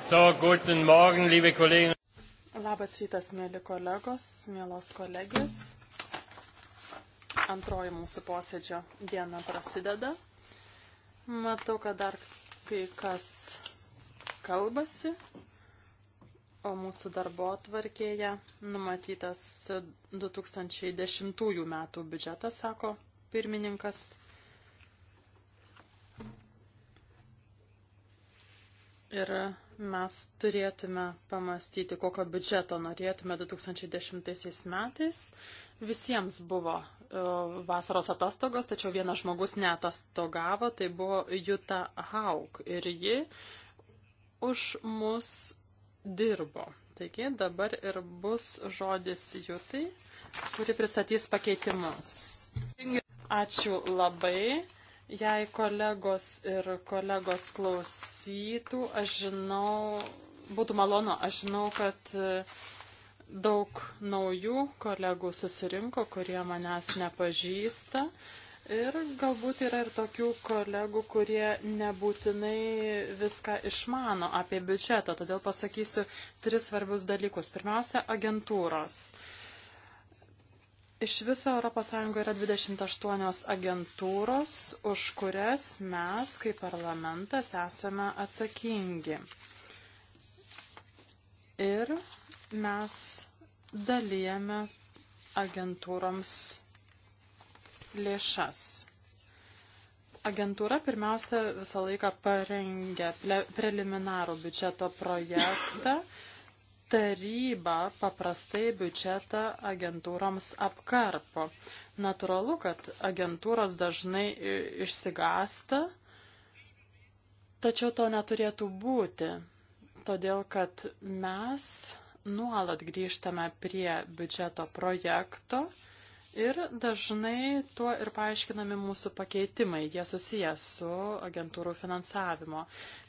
So, guten Morgen, liebe Kollegen. Labas rytas, mėly kolegos, mėlos kolegės. Antroji mūsų posėdžio diena prasideda. Matau, kad dar kai kas kalbasi, o mūsų darbo tvarkėje numatytas 2010 metų biudžetas, sako pirmininkas Ir mes turėtume pamastyti, kokio biudžeto norėtume 2010 metais. Visiems buvo e, vasaros atostogos, tačiau vienas žmogus netostogavo, tai buvo Juta Hauk ir ji už mus dirbo. Taigi dabar ir bus žodis Jutai, kuri pristatys pakeitimus. Ačiū labai. Jei kolegos ir kolegos klausytų, aš žinau, būtų malonu, aš žinau, kad e, daug naujų kolegų susirinko, kurie manęs nepažįsta. Ir galbūt yra ir tokių kolegų, kurie nebūtinai viską išmano apie biudžetą, todėl pasakysiu tris svarbius dalykus. Pirmiausia, agentūros. Iš viso ES yra 28 agentūros, už kurias mes, kaip parlamentas, esame atsakingi. Ir mes dalyjame agentūroms lėšas. Agentūra pirmiausia visą laiką parengia preliminarų biudžeto projektą taryba paprastai biudžetą agentūroms apkarpo. Natūralu, kad agentūros dažnai išsigasta, tačiau to neturėtų būti, todėl kad mes nuolat grįžtame prie biudžeto projekto Ir dažnai tuo ir paaiškinami mūsų pakeitimai, jie susiję su agentūrų finansavimo.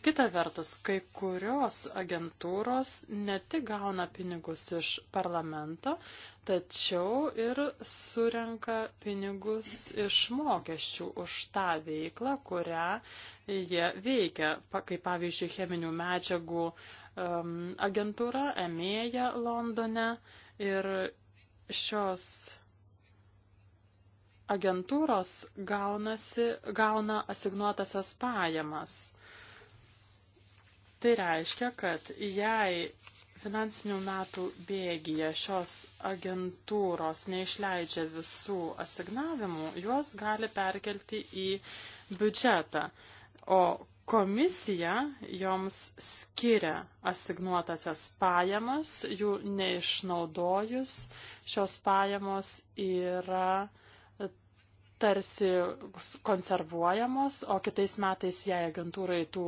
Kita vertus, kai kurios agentūros ne tik gauna pinigus iš parlamento, tačiau ir surenka pinigus iš mokesčių už tą veiklą, kurią jie veikia, kaip pavyzdžiui, cheminių medžiagų um, agentūra EMEJA Londone ir šios agentūros gaunasi, gauna asignuotasias pajamas. Tai reiškia, kad jei finansinių metų bėgyje šios agentūros neišleidžia visų asignavimų, juos gali perkelti į biudžetą. O komisija joms skiria asignuotasias pajamas, jų neišnaudojus, šios pajamos yra tarsi konservuojamos, o kitais metais, jei agentūrai tų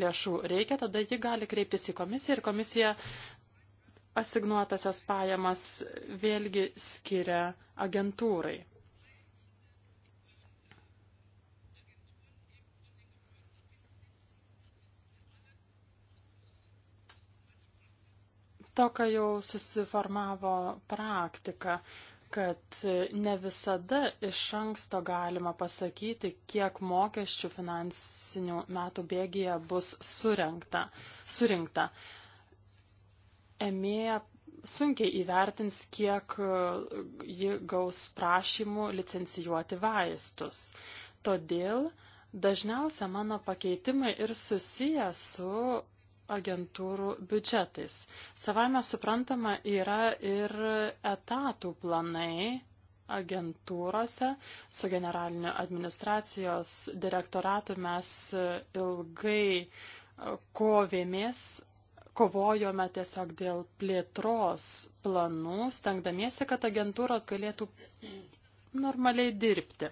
lėšų reikia, tada ji gali kreiptis į komisiją ir komisija asignuotasias pajamas vėlgi skiria agentūrai. to, ką jau susiformavo praktika kad ne visada iš anksto galima pasakyti, kiek mokesčių finansinių metų bėgėje bus surinkta. surinkta. Emėja sunkiai įvertins, kiek ji gaus prašymų licencijuoti vaistus. Todėl dažniausia mano pakeitimai ir susiję su agentūrų biudžetais. Savame suprantama yra ir etatų planai agentūrose. Su generaliniu administracijos direktoratu mes ilgai kovėmės, kovojome tiesiog dėl plėtros planų, stengdamiesi, kad agentūros galėtų normaliai dirbti.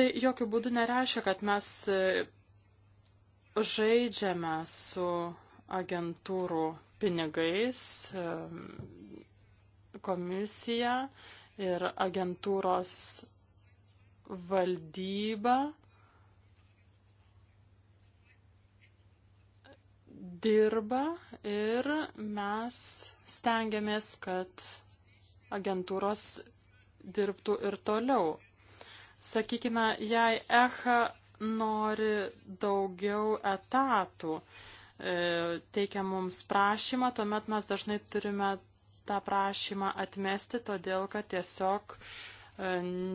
Tai jokių būdų nereiškia, kad mes e, žaidžiame su agentūrų pinigais, e, komisija ir agentūros valdyba dirba ir mes stengiamės, kad agentūros dirbtų ir toliau. Sakykime, jei ECHA nori daugiau etatų, e, teikia mums prašymą, tuomet mes dažnai turime tą prašymą atmesti, todėl kad tiesiog e,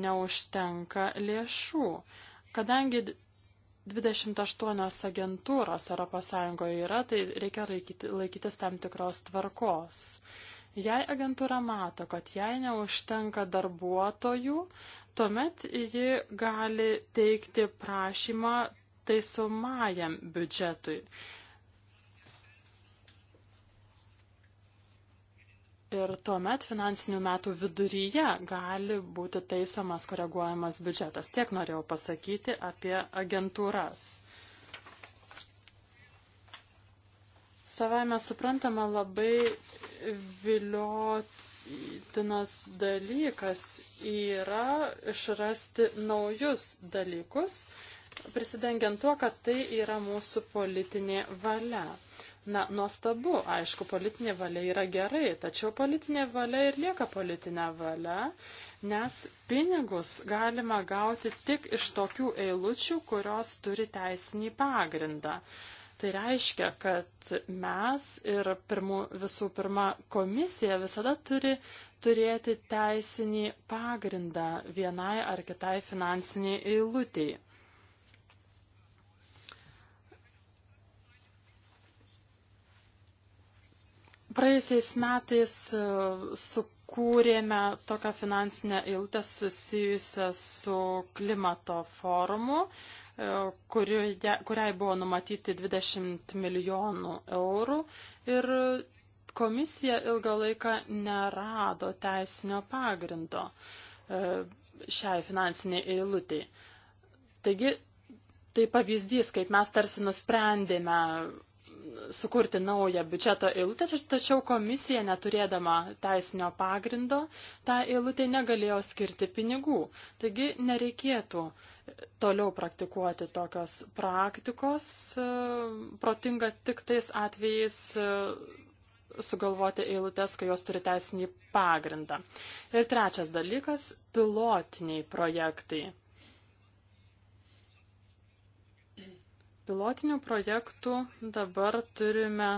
neužtenka lėšų. Kadangi 28 agentūros ES yra, tai reikia laikyti, laikytis tam tikros tvarkos. Jei agentūra mato, kad jai neužtenka darbuotojų, tuomet ji gali teikti prašymą taisomajam biudžetui. Ir tuomet finansinių metų viduryje gali būti taisomas koreguojamas biudžetas. Tiek norėjau pasakyti apie agentūras. Savai mes suprantame labai vilioti tinas dalykas yra išrasti naujus dalykus, prisidengiant tuo, kad tai yra mūsų politinė valia. Na, nuostabu, aišku, politinė valia yra gerai, tačiau politinė valia ir lieka politinė valia, nes pinigus galima gauti tik iš tokių eilučių, kurios turi teisinį pagrindą. Uh, Tai reiškia, kad mes ir pirmų, visų pirma komisija visada turi turėti teisinį pagrindą vienai ar kitai finansiniai eilutėjai. Praėjusiais metais e, sukūrėme tokią finansinę eilutę susijusią su klimato forumu. E, kurioje, kuriai buvo numatyti 20 milijonų eurų ir komisija ilgą laiką nerado teisinio pagrindo e, šiai finansiniai eilutei. Taigi, tai pavyzdys, kaip mes tarsi nusprendėme sukurti naują biudžeto eilutę, tačiau komisija neturėdama teisinio pagrindo tą eilutę negalėjo skirti pinigų. Taigi nereikėtų uh, toliau praktikuoti tokios praktikos, e, protinga tik tais atvejais e, sugalvoti eilutės, kai jos turi teisinį pagrindą. Ir trečias dalykas - pilotiniai projektai. Pilotinių projektų dabar turime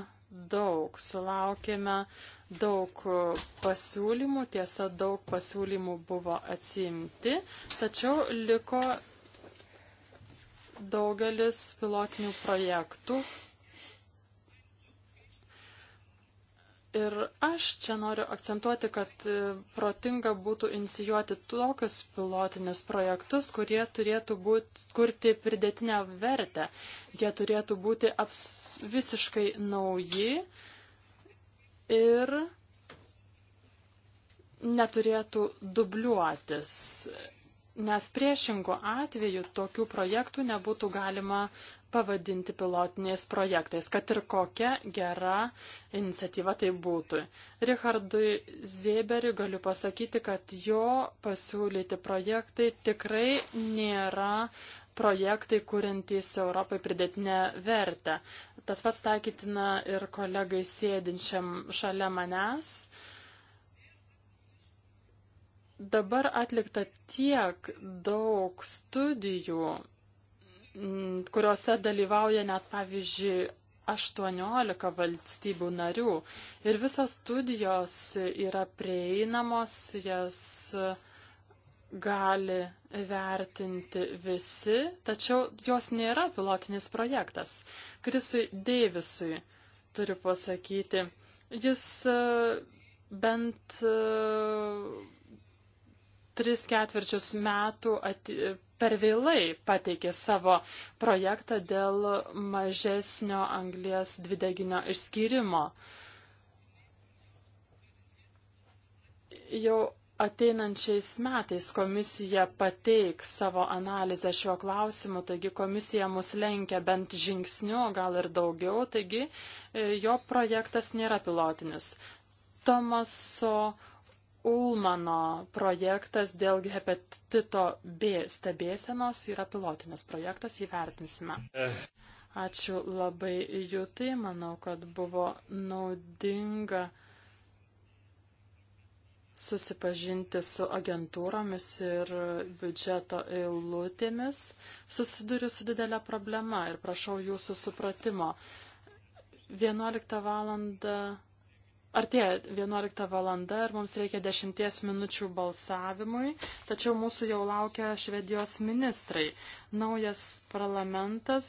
daug, sulaukėme daug pasiūlymų, tiesa daug pasiūlymų buvo atsiimti, tačiau liko Daugelis pilotinių projektų. Ir aš čia noriu akcentuoti, kad protinga būtų inicijuoti tokius pilotinius projektus, kurie turėtų būti, kurti pridėtinę vertę. Jie turėtų būti aps, visiškai nauji ir neturėtų dubliuotis nes priešingų atveju tokių projektų nebūtų galima pavadinti pilotiniais projektais, kad ir kokia gera iniciatyva tai būtų. Richardui Zeberiui galiu pasakyti, kad jo pasiūlyti projektai tikrai nėra projektai, kuriantys Europai pridėtinę vertę. Tas pats taikytina ir kolegai sėdinčiam šalia manęs. Dabar atlikta tiek daug studijų, kuriuose dalyvauja net, pavyzdžiui, 18 valstybių narių. Ir visos studijos yra prieinamos, jas gali vertinti visi, tačiau jos nėra pilotinis projektas. Krisui Deivisui turiu pasakyti, jis e, bent e, tris ketvirčius metų ati, per vėlai pateikė savo projektą dėl mažesnio anglės dvideginio išskyrimo. Jau ateinančiais metais komisija pateiks savo analizę šiuo klausimu, taigi komisija mus lenkia bent žingsniu, gal ir daugiau, taigi e, jo projektas nėra pilotinis. Tomaso Ulmano projektas dėl hepatito B stebėsenos yra pilotinis projektas, įvertinsime. Ačiū labai Jutai, manau, kad buvo naudinga susipažinti su agentūromis ir biudžeto eilutėmis. Susiduriu su didelė problema ir prašau jūsų supratimo. 11 valandą Artėja 11 valanda ir mums reikia 10 minučių balsavimui, tačiau mūsų jau laukia švedijos ministrai. Naujas parlamentas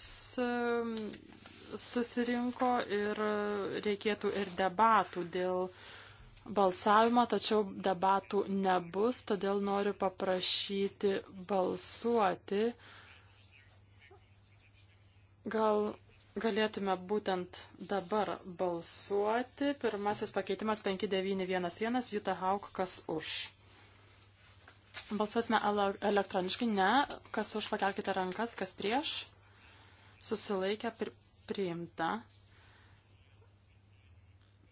susirinko ir reikėtų ir debatų dėl balsavimo, tačiau debatų nebus, todėl noriu paprašyti balsuoti. Gal galėtume būtent dabar balsuoti. Pirmasis pakeitimas 5911, Juta Hauk, kas už. Balsuosime elektroniškai, ne, kas už pakelkite rankas, kas prieš. Susilaikę pri, priimta.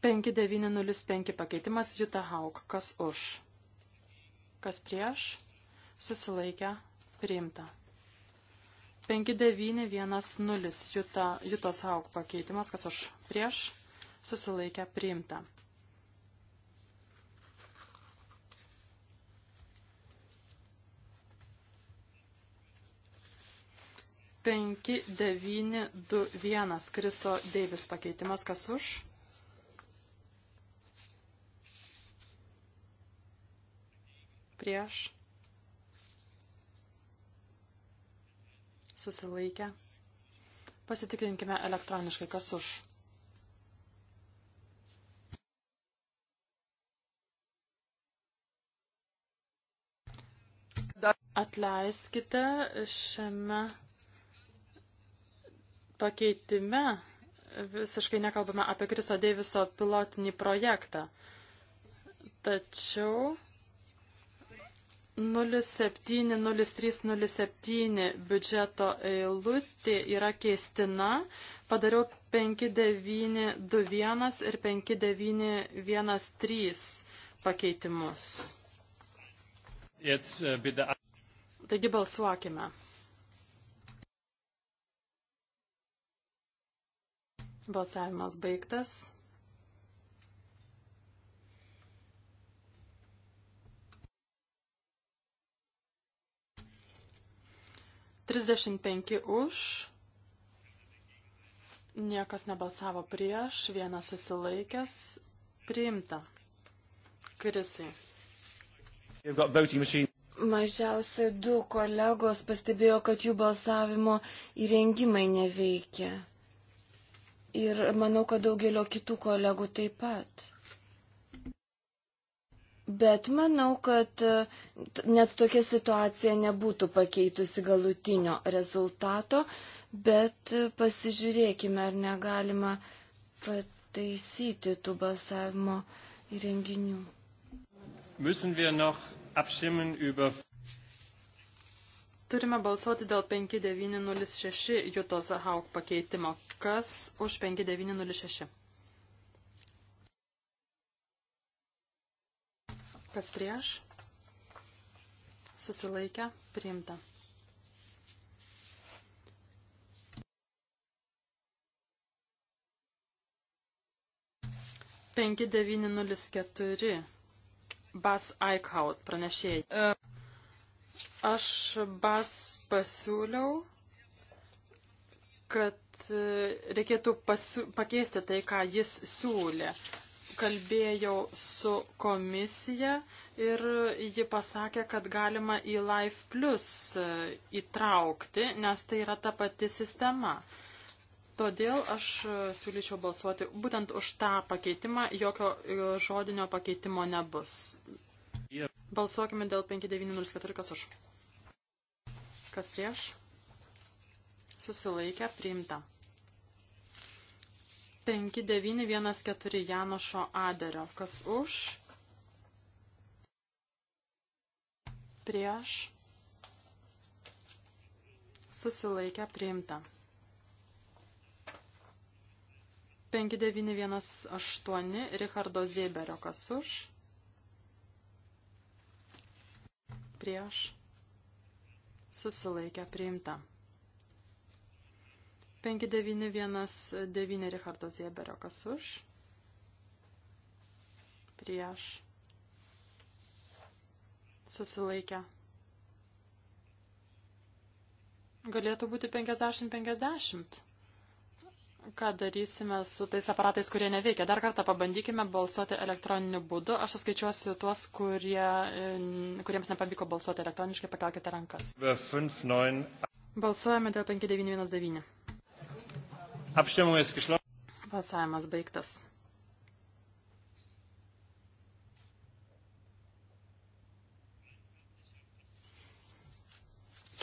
5905 pakeitimas, Juta Hauk, kas už. Kas prieš, susilaikę priimta. 5910 juta, jutos auk pakeitimas, kas už prieš susilaikę priimta. Penki, devyni, du, vienas, Kriso Deivis pakeitimas, kas už? Prieš susilaikę. Pasitikrinkime elektroniškai, kas už. Atleiskite šiame pakeitime visiškai nekalbame apie Kriso Deiviso pilotinį projektą. Tačiau 070307 biudžeto eilutė yra keistina. Padariau 5921 ir 5913 pakeitimus. Äh, Taigi balsuokime. Balsavimas baigtas. 35 už, niekas nebalsavo prieš, vienas susilaikęs, priimta. Krisai. Mažiausiai du kolegos pastebėjo, kad jų balsavimo įrengimai neveikia. Ir manau, kad daugelio kitų kolegų taip pat. Bet manau, kad e, net tokia situacija nebūtų pakeitusi galutinio rezultato, bet e, pasižiūrėkime, ar negalima pataisyti tų balsavimo įrenginių. Über... Turime balsuoti dėl 5906 Jutos Hauk pakeitimo. Kas už 5906? kas prieš, susilaikę, priimta. Penki devyni nulis keturi. Bas Eichhaut pranešėjai. Aš Bas pasiūliau, kad e, reikėtų pasu, pakeisti tai, ką jis siūlė kalbėjau su komisija ir ji pasakė, kad galima į Life Plus e, įtraukti, nes tai yra ta pati sistema. Todėl aš e, siūlyčiau balsuoti būtent už tą pakeitimą, jokio e, žodinio pakeitimo nebus. Balsuokime dėl 5904 kas už. Kas prieš? Susilaikę, priimta. 5914 Janošo Aderio. Kas už? Prieš? Susilaikę priimta. 5918 Richardo Zėberio kas už. Prieš. Susilaikę priimta. 5919 Richardo Zieberio, kas už, prieš, susilaikę. Galėtų būti 50-50. Ką darysime su tais aparatais, kurie neveikia? Dar kartą pabandykime balsuoti elektroniniu būdu. Aš suskaičiuosiu tuos, kurie, kuriems nepavyko balsuoti elektroniškai. Pakelkite rankas. 5, 9... Balsuojame dėl 5919. Apštimuojas išlau. Balsavimas baigtas.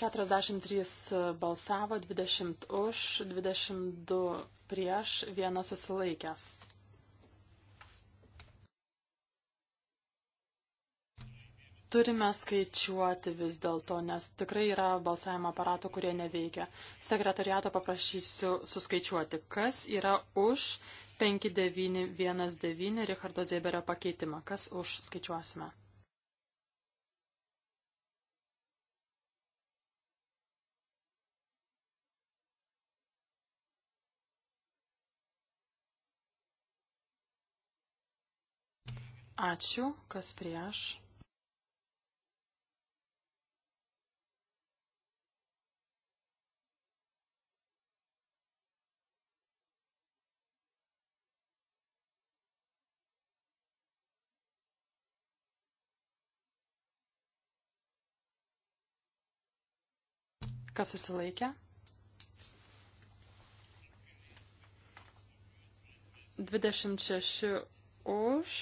Keturiasdešimt trys balsavo, dvidešimt už, dvidešimt du prieš, vienas susilaikęs. turime skaičiuoti vis dėlto, nes tikrai yra balsavimo aparatų, kurie neveikia. Sekretariato paprašysiu suskaičiuoti, kas yra už 5919 Richardo Zeberio pakeitimą. Kas už skaičiuosime? Ačiū, kas prieš. Kas susilaikė? Dvidešimt šeši už,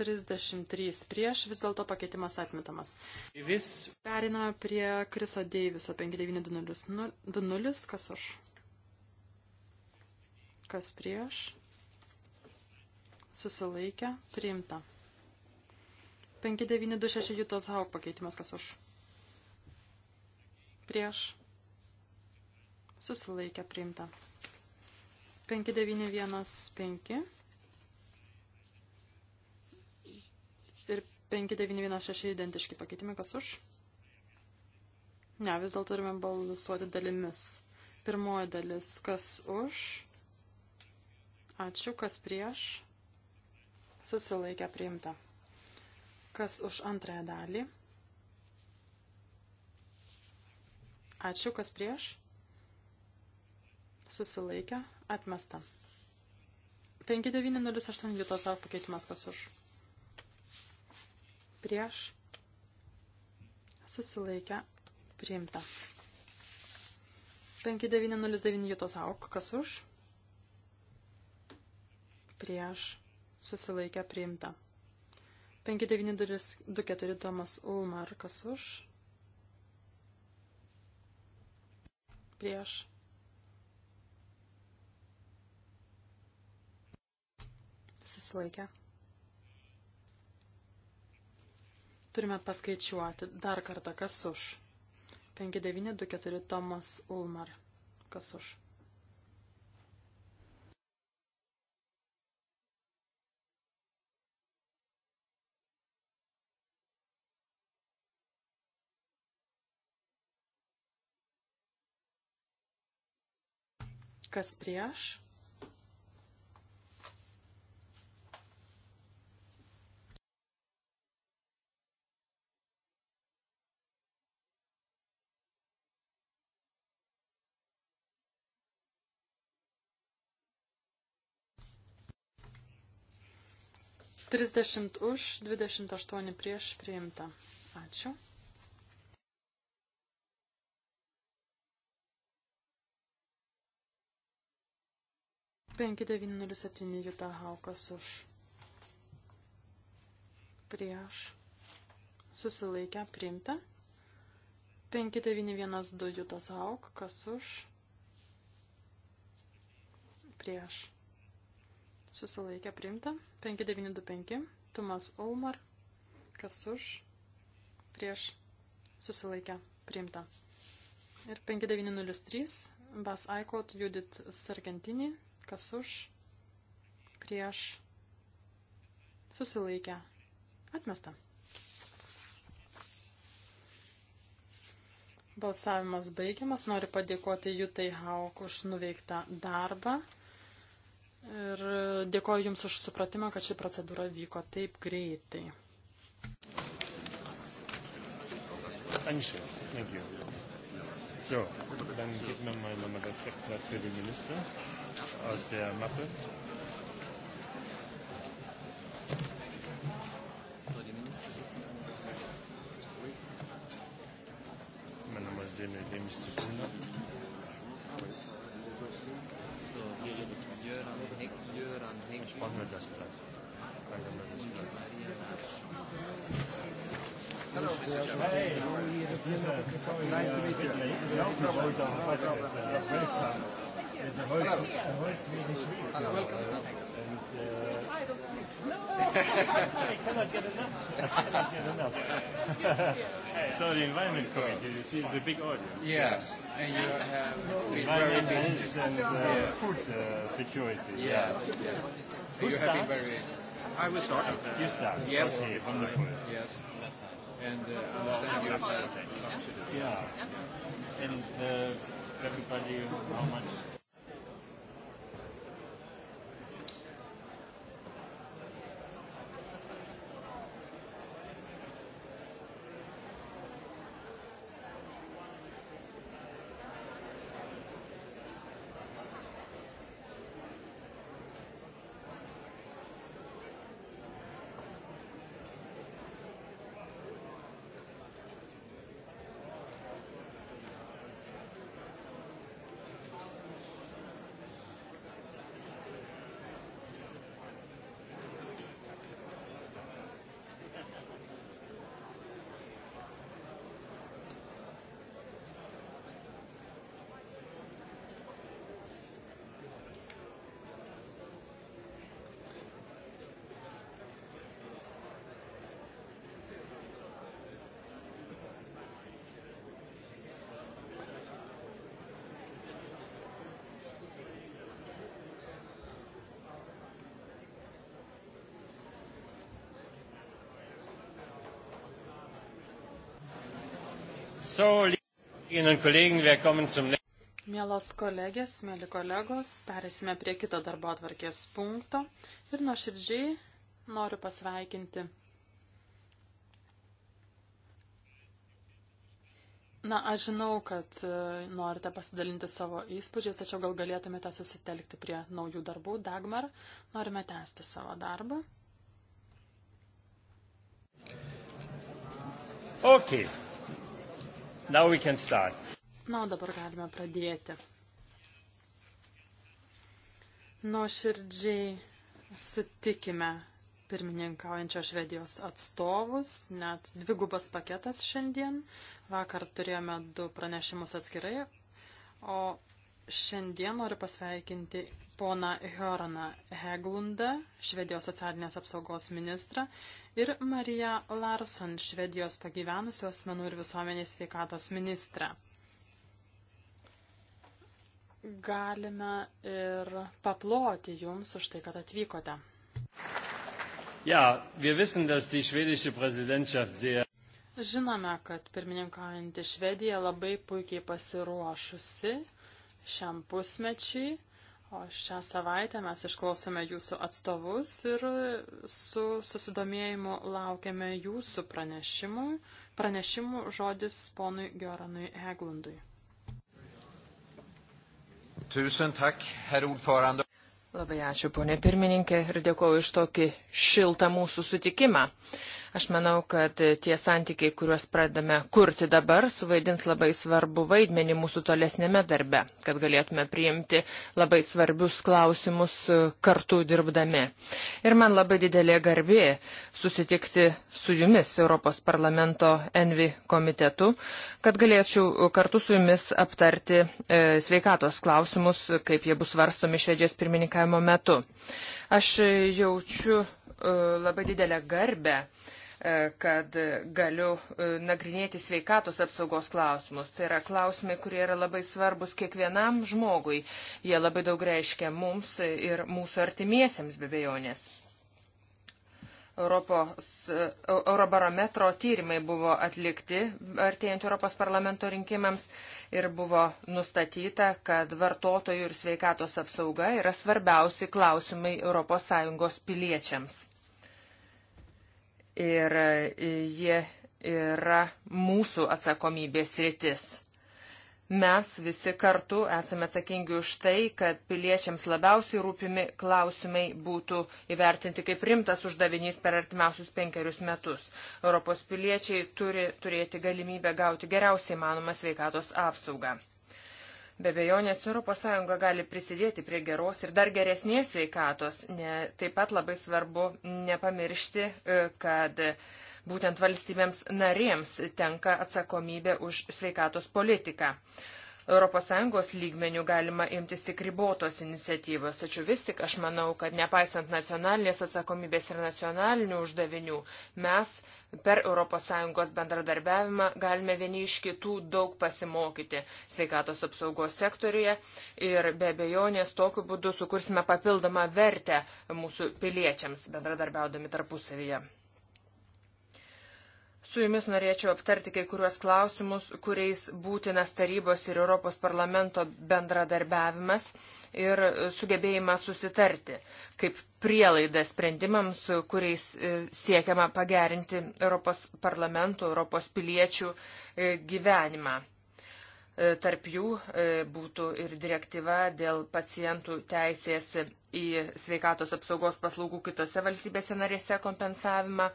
trisdešimt trys prieš, vis dėlto pakeitimas atmetamas. Vis. Periname prie Kriso Deiviso 5920, nu, kas už? Kas prieš? Susilaikė, priimta. 5926 Jutos Haug pakeitimas, kas už? prieš susilaikę priimta. 5915 ir 5916 identiški pakeitimai, kas už? Ne, vis dėlto turime balsuoti dalimis. Pirmoji dalis, kas už? Ačiū, kas prieš? Susilaikę priimta. Kas už antrąją dalį? Ačiū, kas prieš. Susilaikę, atmesta. 5908 Jutos savo pakeitimas, kas už. Prieš. Susilaikę, priimta. 5909 Jutos auk, kas už. Prieš. Susilaikę, priimta. 5924 Tomas Ulmar, kas už prieš. Susilaikę. Turime paskaičiuoti dar kartą, kas už. 5924 Tomas Ulmar. Kas už? Kas prieš? Trisdešimt už, dvidešimt aštuoni prieš priimta. Ačiū. 5907 Juta Haukas už prieš susilaikę priimta. 5912 Jutas Hauk, kas už prieš susilaikę priimta. 5925 Tumas Ulmar, kas už prieš susilaikę priimta. Ir 5903 Bas Aikot Judit Sargentinį, Kas už? Prieš. Susilaikę. Atmesta. Balsavimas baigiamas. Noriu padėkoti Jutai Hauk už nuveiktą darbą. Ir dėkoju Jums už supratimą, kad ši procedūra vyko taip greitai. Thank you. Thank you. So, dann gibt mir mal nochmal das Eckblatt für den Minister aus der Mappe. a big audience. Yes, yeah. and you have it's very business and uh, food uh, security. Yes, yes. yes. Who you starts? have been very. I will start. You start. Yes, okay, wonderful. Yes, and uh, understand you have uh, yeah. yeah. And uh, everybody, how much? So, Mielos kolegės, mėly kolegos, perėsime prie kito darbo atvarkės punkto ir nuoširdžiai noriu pasveikinti. Na, aš žinau, kad e, norite pasidalinti savo įspūdžiais, tačiau gal galėtumėte susitelkti prie naujų darbų. Dagmar, norime tęsti savo darbą. Okay. Now we can start. Na, o dabar galime pradėti. Nuoširdžiai sutikime pirmininkaujančios Švedijos atstovus, net dvigubas paketas šiandien. Vakar turėjome du pranešimus atskirai, o Šiandien noriu pasveikinti pona Hjoraną Heglundą, Švedijos socialinės apsaugos ministrą, ir Mariją Larson, Švedijos pagyvenusių asmenų ir visuomenės sveikatos ministrą. Galime ir paploti jums už tai, kad atvykote. Ja, wir wissen, dass die schwedische Präsidentschaft sehr Žinome, kad pirmininkaujantį Švediją labai puikiai pasiruošusi šiam pusmečiui. O šią savaitę mes išklausome jūsų atstovus ir su susidomėjimu laukiame jūsų pranešimų. Pranešimų žodis ponui Geranui Eglundui. Labai ačiū, ponė pirmininkė, ir dėkuoju iš tokį šiltą mūsų sutikimą. Aš manau, kad tie santykiai, kuriuos pradame kurti dabar, suvaidins labai svarbu vaidmenį mūsų tolesnėme darbe, kad galėtume priimti labai svarbius klausimus e, kartu dirbdami. Ir man labai didelė garbė susitikti su jumis Europos parlamento Envi komitetu, kad galėčiau kartu su jumis aptarti e, sveikatos klausimus, kaip jie bus varstomi švedžės pirmininkavimo metu. Aš jaučiu e, labai didelę garbę E, kad galiu e, nagrinėti sveikatos apsaugos klausimus. Tai yra klausimai, kurie yra labai svarbus kiekvienam žmogui. Jie labai daug reiškia mums ir mūsų artimiesiems be bejonės. Europos, e, Eurobarometro tyrimai buvo atlikti artėjant Europos parlamento rinkimams ir buvo nustatyta, kad vartotojų ir sveikatos apsauga yra svarbiausi klausimai ES piliečiams ir e, jie yra mūsų atsakomybės rytis. Mes visi kartu esame atsakingi už tai, kad piliečiams labiausiai rūpimi klausimai būtų įvertinti kaip rimtas uždavinys per artimiausius penkerius metus. Europos piliečiai turi turėti galimybę gauti geriausiai manomą sveikatos apsaugą. Be bejonės ES gali prisidėti prie geros ir dar geresnės sveikatos. Ne, taip pat labai svarbu nepamiršti, e, kad būtent valstybėms narėms tenka atsakomybė už sveikatos politiką. ES lygmenių galima imtis tik ribotos iniciatyvos. Tačiau vis tik aš manau, kad nepaisant nacionalinės atsakomybės ir nacionalinių uždavinių, mes per ES bendradarbiavimą galime vieni iš kitų daug pasimokyti sveikatos apsaugos sektoriuje ir be abejonės tokiu būdu sukursime papildomą vertę mūsų piliečiams bendradarbiaudami tarpusavyje. Su jumis norėčiau aptarti kai kuriuos klausimus, kuriais būtinas tarybos ir Europos parlamento bendradarbiavimas ir sugebėjimas susitarti, kaip prielaida sprendimams, kuriais e, siekiama pagerinti Europos parlamento, Europos piliečių e, gyvenimą. E, tarp jų e, būtų ir direktyva dėl pacientų teisės į sveikatos apsaugos paslaugų kitose valstybėse narėse kompensavimą.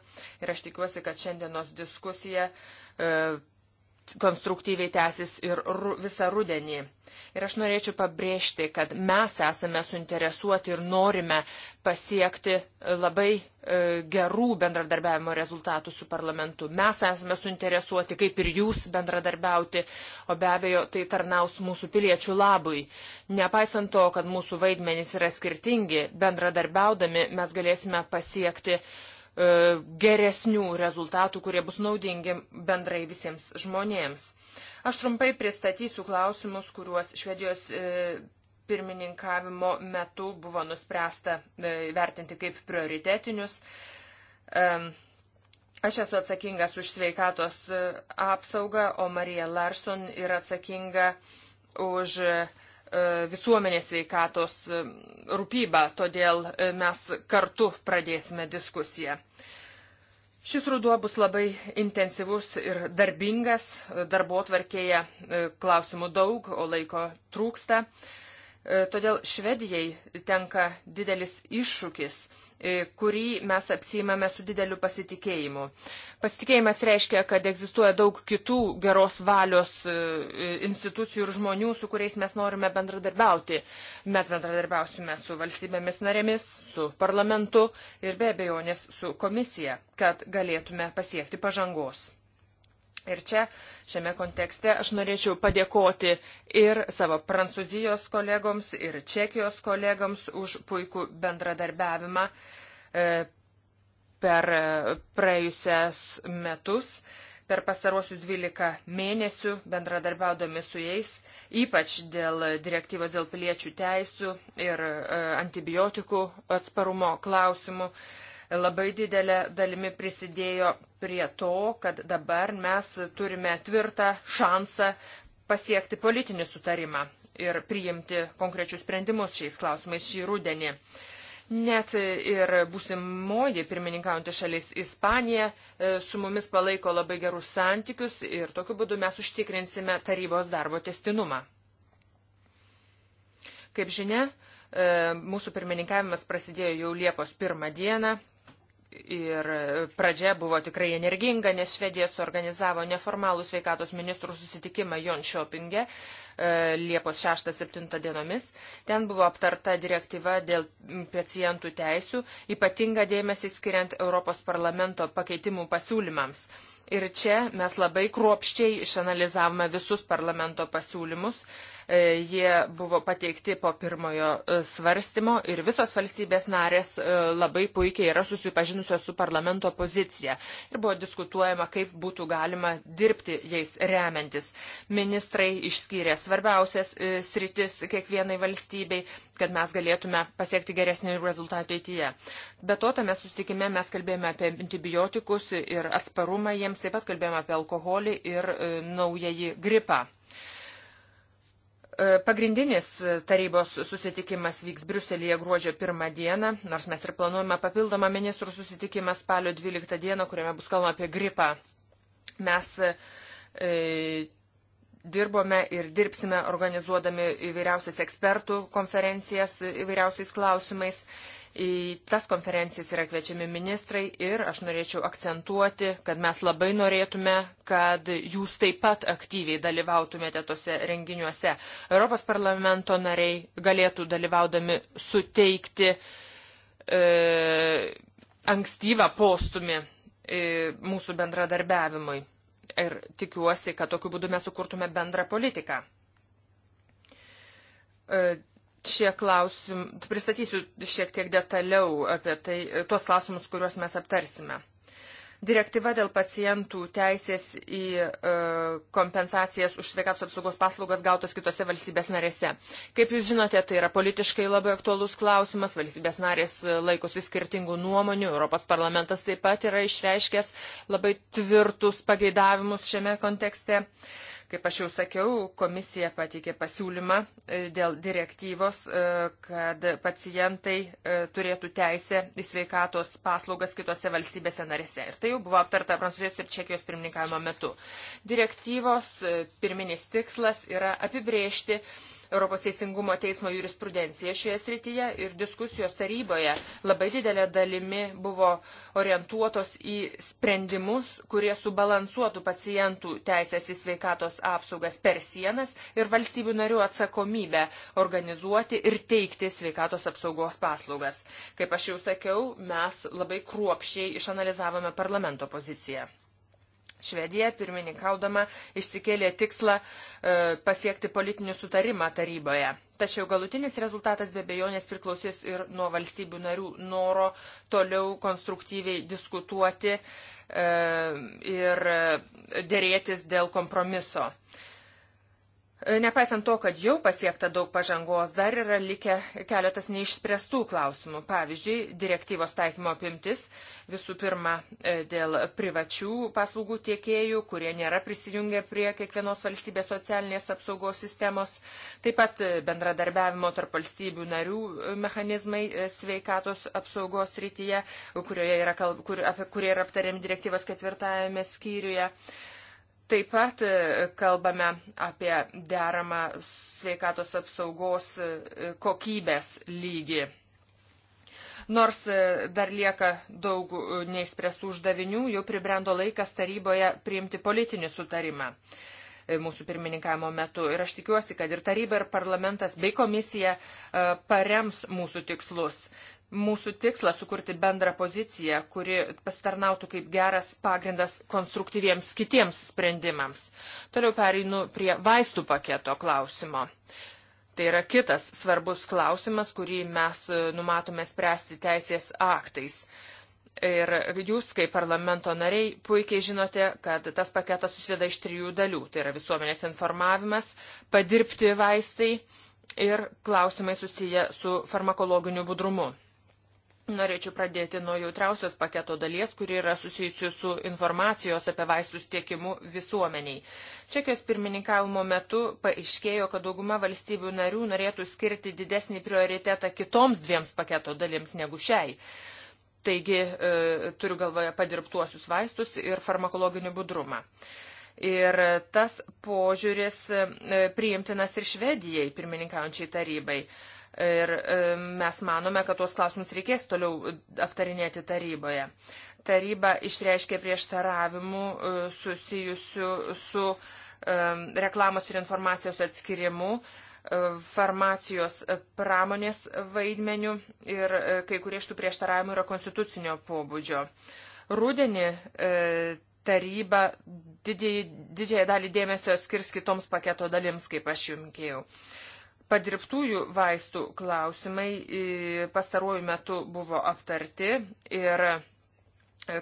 Ir aš tikiuosi, kad šiandienos diskusija e, konstruktyviai tęsis ir visą rudenį. Ir aš norėčiau pabrėžti, kad mes esame suinteresuoti ir norime pasiekti labai e, gerų bendradarbiavimo rezultatų su parlamentu. Mes esame suinteresuoti, kaip ir jūs, bendradarbiauti, o be abejo, tai tarnaus mūsų piliečių labui. Nepaisant to, kad mūsų vaidmenys yra skirtingi, bendradarbiaudami mes galėsime pasiekti uh, E, geresnių rezultatų, kurie bus naudingi bendrai visiems žmonėms. Aš trumpai pristatysiu klausimus, kuriuos Švedijos e, pirmininkavimo metu buvo nuspręsta e, vertinti kaip prioritetinius. Aš esu atsakingas už sveikatos apsaugą, o Marija Larson yra atsakinga už uh, E, visuomenės veikatos e, rūpybą, todėl e, mes kartu pradėsime diskusiją. Šis ruduo bus labai intensyvus ir darbingas, darbo tvarkėje klausimų daug, o laiko trūksta. Todėl Švedijai tenka didelis iššūkis E, kurį mes apsijimame su dideliu pasitikėjimu. Pasitikėjimas reiškia, kad egzistuoja daug kitų geros valios e, e, institucijų ir žmonių, su kuriais mes norime bendradarbiauti. Mes bendradarbiausime su valstybėmis narėmis, su parlamentu ir be abejonės su komisija, kad galėtume pasiekti pažangos. Ir čia šiame kontekste aš norėčiau padėkoti ir savo prancūzijos kolegoms, ir čekijos kolegoms už puikų bendradarbiavimą e, per praėjusias metus, per pasaruosius 12 mėnesių bendradarbiaudami su jais, ypač dėl direktyvos dėl piliečių teisų ir e, antibiotikų atsparumo klausimų. E, labai didelė dalimi prisidėjo prie to, kad dabar mes turime tvirtą šansą pasiekti politinį sutarimą ir priimti konkrečius sprendimus šiais klausimais šį rudenį. Net ir būsimoji pirmininkaujanti šalis Ispanija e, su mumis palaiko labai gerus santykius ir tokiu būdu mes užtikrinsime tarybos darbo testinumą. Kaip žinia, e, mūsų pirmininkavimas prasidėjo jau Liepos pirmą dieną Ir pradžia buvo tikrai energinga, nes Švedija suorganizavo neformalų sveikatos ministrų susitikimą Jonšopinge e, Liepos 6-7 dienomis. Ten buvo aptarta direktyva dėl pacientų teisių, ypatinga dėmesį skiriant Europos parlamento pakeitimų pasiūlymams. Ir čia mes labai kruopščiai išanalizavome visus parlamento pasiūlymus. E, jie buvo pateikti po pirmojo e, svarstymo ir visos valstybės narės e, labai puikiai yra susipažinusios su parlamento pozicija. Ir buvo diskutuojama, kaip būtų galima dirbti jais remiantis. Ministrai išskyrė svarbiausias sritis kiekvienai valstybei, kad mes galėtume pasiekti geresnį rezultatą ateityje. Be to, tame sustikime mes kalbėjome apie antibiotikus ir atsparumą jiems jiems taip pat kalbėjome apie alkoholį ir e, naująjį gripą. E, pagrindinis tarybos susitikimas vyks Briuselėje gruodžio pirmą dieną, nors mes ir planuojame papildomą ministrų susitikimą spalio 12 dieną, kuriame bus kalbama apie gripą. Mes e, dirbome ir dirbsime organizuodami įvairiausias ekspertų konferencijas įvairiausiais klausimais. Į tas konferencijas yra kviečiami ministrai ir aš norėčiau akcentuoti, kad mes labai norėtume, kad jūs taip pat aktyviai dalyvautumėte tose renginiuose. Europos parlamento nariai galėtų dalyvaudami suteikti e, ankstyvą postumį e, mūsų bendradarbiavimui ir tikiuosi, kad tokiu būdu mes sukurtume bendrą politiką. E, šie klausim, pristatysiu šiek tiek detaliau apie tai, tuos klausimus, kuriuos mes aptarsime. Direktyva dėl pacientų teisės į e, kompensacijas už sveikatos apsaugos paslaugas gautos kitose valstybės narėse. Kaip jūs žinote, tai yra politiškai labai aktuolus klausimas, valstybės narės e, laikosi skirtingų nuomonių, Europos parlamentas taip pat yra išreiškęs labai tvirtus pageidavimus šiame kontekste. Kaip aš jau sakiau, komisija pateikė pasiūlymą e, dėl direktyvos, e, kad pacientai e, turėtų teisę į sveikatos paslaugas kitose valstybėse narėse. Ir tai jau buvo aptarta Prancūzijos ir Čekijos pirmininkavimo metu. Direktyvos pirminis tikslas yra apibriežti, Europos Teisingumo teismo jurisprudencija šioje srityje ir diskusijos taryboje labai didelė dalimi buvo orientuotos į sprendimus, kurie subalansuotų pacientų teisės į sveikatos apsaugas per sienas ir valstybių narių atsakomybę organizuoti ir teikti sveikatos apsaugos paslaugas. Kaip aš jau sakiau, mes labai kruopščiai išanalizavome parlamento poziciją. Švedija, pirmininkaudama, išsikėlė tikslą e, pasiekti politinį sutarimą taryboje. Tačiau galutinis rezultatas be bejonės priklausys ir nuo valstybių narių noro toliau konstruktyviai diskutuoti e, ir e, dėrėtis dėl kompromiso. E, E, nepaisant to, kad jau pasiekta daug pažangos, dar yra likę keletas neišspręstų klausimų. Pavyzdžiui, direktyvos taikymo apimtis visų pirma e, dėl privačių paslaugų tiekėjų, kurie nėra prisijungę prie kiekvienos valstybės socialinės apsaugos sistemos, taip pat e, bendradarbiavimo tarp valstybių narių mechanizmai sveikatos apsaugos rytyje, kurie yra, kur, apie, kurie yra aptariami direktyvos ketvirtajame skyriuje. Taip pat e, kalbame apie deramą sveikatos apsaugos e, kokybės lygį. Nors e, dar lieka daug neįspręstų uždavinių, jau pribrendo laikas taryboje priimti politinį sutarimą mūsų pirmininkavimo metu. Ir aš tikiuosi, kad ir taryba, ir parlamentas, bei komisija parems mūsų tikslus mūsų tikslas sukurti bendrą poziciją, kuri pasitarnautų kaip geras pagrindas konstruktyviems kitiems sprendimams. Toliau pereinu prie vaistų paketo klausimo. Tai yra kitas svarbus klausimas, kurį mes e, numatome spręsti teisės aktais. Ir jūs, kaip parlamento nariai, puikiai žinote, kad tas paketas susideda iš trijų dalių. Tai yra visuomenės informavimas, padirbti vaistai ir klausimai susiję su farmakologiniu budrumu. Norėčiau pradėti nuo jautriausios paketo dalies, kuri yra susijusi su informacijos apie vaistus tiekimu visuomeniai. Čekijos pirmininkavimo metu paaiškėjo, kad dauguma valstybių narių norėtų skirti didesnį prioritetą kitoms dviems paketo dalims negu šiai. Taigi e, turiu galvoje padirbtuosius vaistus ir farmakologinį budrumą. Ir tas požiūris e, priimtinas ir Švedijai, pirmininkaujančiai tarybai. E, Ir e, mes manome, kad tuos klausimus reikės toliau aptarinėti taryboje. Taryba išreiškė prieštaravimų e, susijusių su e, reklamos ir informacijos atskirimu farmacijos pramonės vaidmeniu ir kai kurie iš tų prieštaravimų yra konstitucinio pobūdžio. Rūdienį taryba didžiai, didžiai dalį dėmesio skirs kitoms paketo dalims, kaip aš jums kėjau. Padirbtųjų vaistų klausimai e, pastaruoju metu buvo aptarti ir e,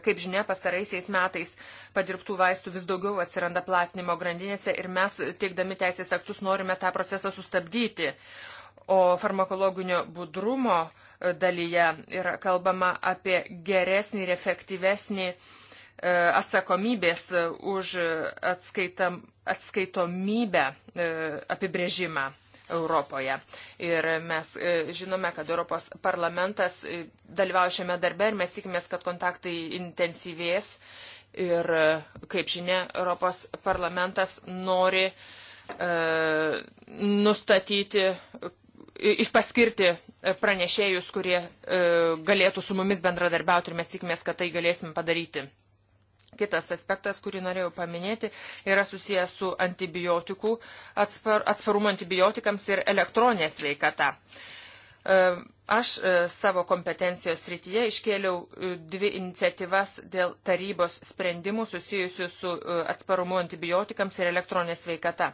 Kaip žinia, pastaraisiais metais padirbtų vaistų vis daugiau atsiranda platinimo grandinėse ir mes, teikdami teisės aktus, norime tą procesą sustabdyti. O farmakologinio budrumo e, dalyje yra kalbama apie geresnį ir efektyvesnį atsakomybės už atskaitam, atskaitomybę apibrėžimą. Europoje. Ir mes e, žinome, kad Europos parlamentas e, dalyvauja šiame darbe ir mes tikimės, kad kontaktai intensyvės. Ir, e, kaip žinia, Europos parlamentas nori e, nustatyti, išpaskirti pranešėjus, kurie e, galėtų su mumis bendradarbiauti ir mes tikimės, kad tai galėsim padaryti. Kitas aspektas, kurį norėjau paminėti, yra susijęs su antibiotikų atspar, atsparumu antibiotikams ir elektroninė sveikata. E, aš e, savo kompetencijos srityje iškėliau e, dvi iniciatyvas dėl tarybos sprendimų susijusių su atsparumu antibiotikams ir elektroninė sveikata.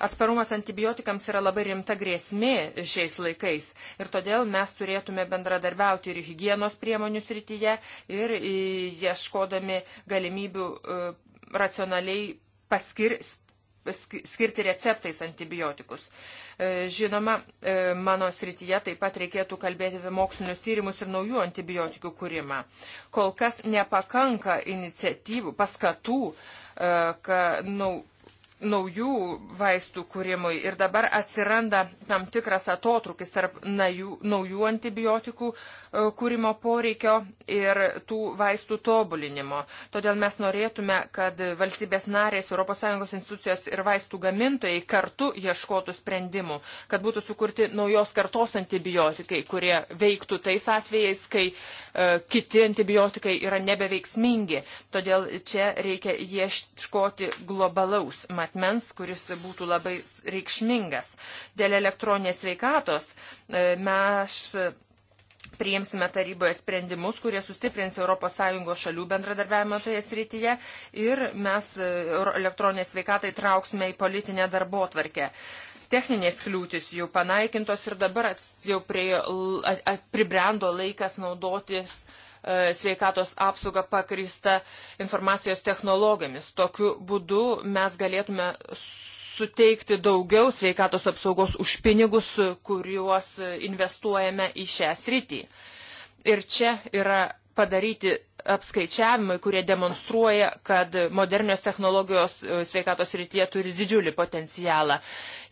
Atsparumas antibiotikams yra labai rimta grėsmė šiais laikais ir todėl mes turėtume bendradarbiauti ir hygienos priemonių srityje ir e, ieškodami galimybių e, racionaliai paskir, skirti receptais antibiotikus. E, žinoma, mano srityje taip pat reikėtų kalbėti apie mokslinius tyrimus ir naujų antibiotikų kūrimą. Kol kas nepakanka iniciatyvų, paskatų, ka, nu, naujų vaistų kūrimui ir dabar atsiranda tam tikras atotrukis tarp naju, naujų antibiotikų e, kūrimo poreikio ir tų vaistų tobulinimo. Todėl mes norėtume, kad valstybės narės, ES institucijos ir vaistų gamintojai kartu ieškotų sprendimų, kad būtų sukurti naujos kartos antibiotikai, kurie veiktų tais atvejais, kai e, kiti antibiotikai yra nebeveiksmingi. Todėl čia reikia ieškoti globalaus materialo matmens, kuris būtų labai reikšmingas. Dėl elektroninės veikatos e, mes priimsime taryboje sprendimus, kurie sustiprins ES šalių bendradarbiavimą toje srityje ir mes e, elektroninę sveikatą įtrauksime į politinę darbo tvarkę. Techninės kliūtis jau panaikintos ir dabar jau prie, at, at, pribrendo laikas naudotis E, sveikatos apsaugą pakristą informacijos technologijomis. Tokiu būdu mes galėtume suteikti daugiau sveikatos apsaugos už pinigus, kuriuos investuojame į šią sritį. Ir čia yra padaryti apskaičiavimai, kurie demonstruoja, kad modernios technologijos e, sveikatos rytyje turi didžiulį potencialą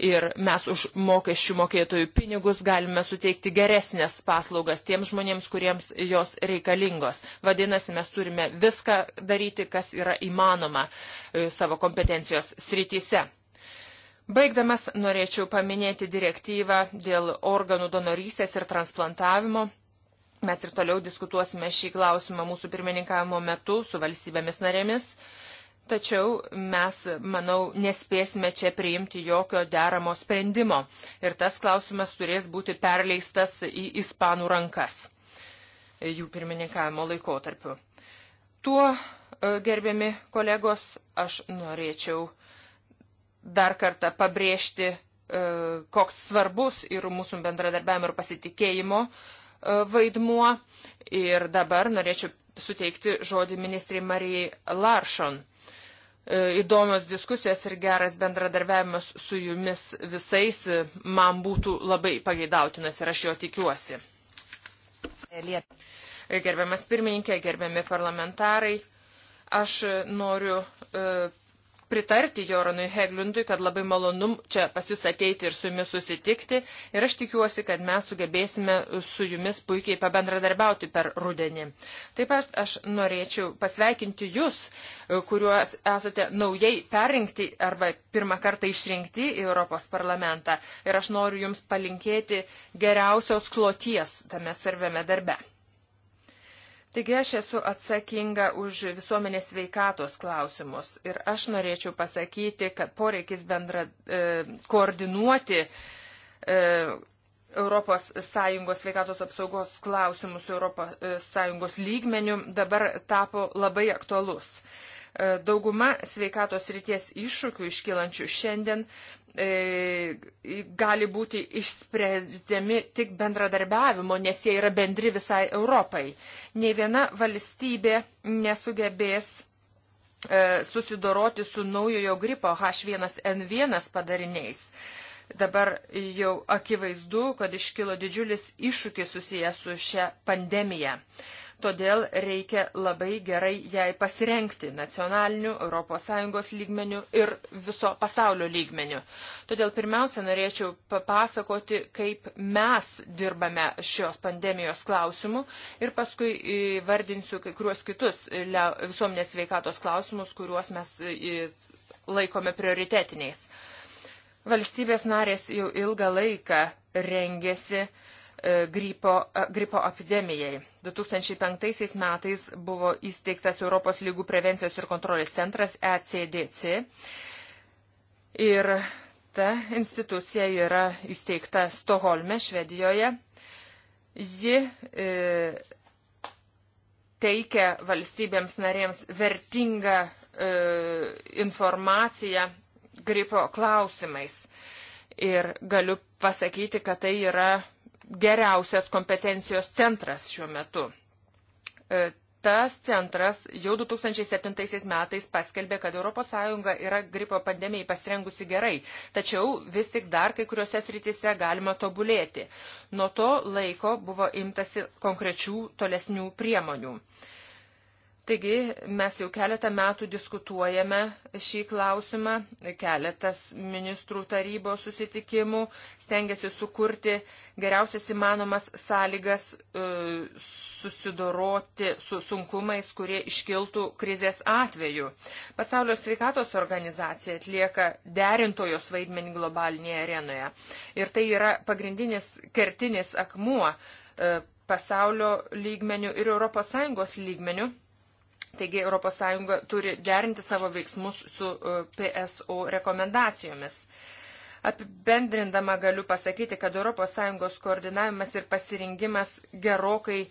ir mes už mokesčių mokėtojų pinigus galime suteikti geresnės paslaugas tiems žmonėms, kuriems jos reikalingos. Vadinasi, mes turime viską daryti, kas yra įmanoma e, savo kompetencijos srityse. Baigdamas norėčiau paminėti direktyvą dėl organų donorystės ir transplantavimo Mes ir toliau diskutuosime šį klausimą mūsų pirmininkavimo metu su valstybėmis narėmis, tačiau mes, manau, nespėsime čia priimti jokio deramo sprendimo ir tas klausimas turės būti perleistas į ispanų rankas jų pirmininkavimo laikotarpiu. Tuo, e, gerbiami kolegos, aš norėčiau dar kartą pabrėžti, e, koks svarbus ir mūsų bendradarbiavimo ir pasitikėjimo vaidmuo. Ir dabar norėčiau suteikti žodį ministrai Marijai Laršon. E, įdomios diskusijos ir geras bendradarbiavimas su jumis visais e, man būtų labai pageidautinas ir aš jo tikiuosi. Gerbiamas pirmininkė, gerbiami parlamentarai, aš noriu e, pritarti Joranui Heglundui, kad labai malonu čia pas jūs ateiti ir su jumis susitikti. Ir aš tikiuosi, kad mes sugebėsime su jumis puikiai pabendradarbiauti per rudenį. Taip pat aš norėčiau pasveikinti jūs, kuriuos esate naujai perrinkti arba pirmą kartą išrinkti į Europos parlamentą. Ir aš noriu jums palinkėti geriausios kloties tame svarbiame darbe. Taigi aš esu atsakinga už visuomenės veikatos klausimus ir aš norėčiau pasakyti, kad poreikis bendra e, koordinuoti e, ES sveikatos apsaugos klausimus ES e, lygmenių dabar tapo labai aktualus. E, E, dauguma sveikatos ryties iššūkių iškylančių šiandien e, gali būti išspręsdami tik bendradarbiavimo, nes jie yra bendri visai Europai. Ne viena valstybė nesugebės e, susidoroti su naujojo gripo H1N1 padariniais. Dabar jau akivaizdu, kad iškilo didžiulis iššūkis susijęs su šia pandemija. Uh, todėl reikia labai gerai jai pasirenkti nacionaliniu, ES lygmeniu ir viso pasaulio lygmeniu. Todėl pirmiausia norėčiau papasakoti, kaip mes dirbame šios pandemijos klausimu ir paskui vardinsiu kai kuriuos kitus visuomenės veikatos klausimus, kuriuos mes laikome prioritetiniais. Valstybės narės jau ilgą laiką rengėsi uh, E, gripo, e, gripo epidemijai. 2005 metais buvo įsteigtas Europos lygų prevencijos ir kontrolės centras ECDC ir ta institucija yra įsteigta Stoholme, Švedijoje. Ji e, teikia valstybėms narėms vertingą e, informaciją gripo klausimais. Ir galiu pasakyti, kad tai yra geriausias kompetencijos centras šiuo metu. E, tas centras jau 2007 metais paskelbė, kad ES yra gripo pandemijai pasirengusi gerai, tačiau vis tik dar kai kuriuose srityse galima tobulėti. Nuo to laiko buvo imtasi konkrečių tolesnių priemonių. Uh, Taigi mes jau keletą metų diskutuojame šį klausimą, keletas ministrų tarybos susitikimų stengiasi sukurti geriausias įmanomas sąlygas e, susidoroti su sunkumais, kurie iškiltų krizės atveju. Pasaulio sveikatos organizacija atlieka derintojos vaidmenį globalinėje arenoje. Ir tai yra pagrindinis kertinis akmuo e, pasaulio lygmenių ir ES lygmenių Taigi ES turi derinti savo veiksmus su e, PSO rekomendacijomis. Apibendrindama galiu pasakyti, kad ES koordinavimas ir pasirinkimas gerokai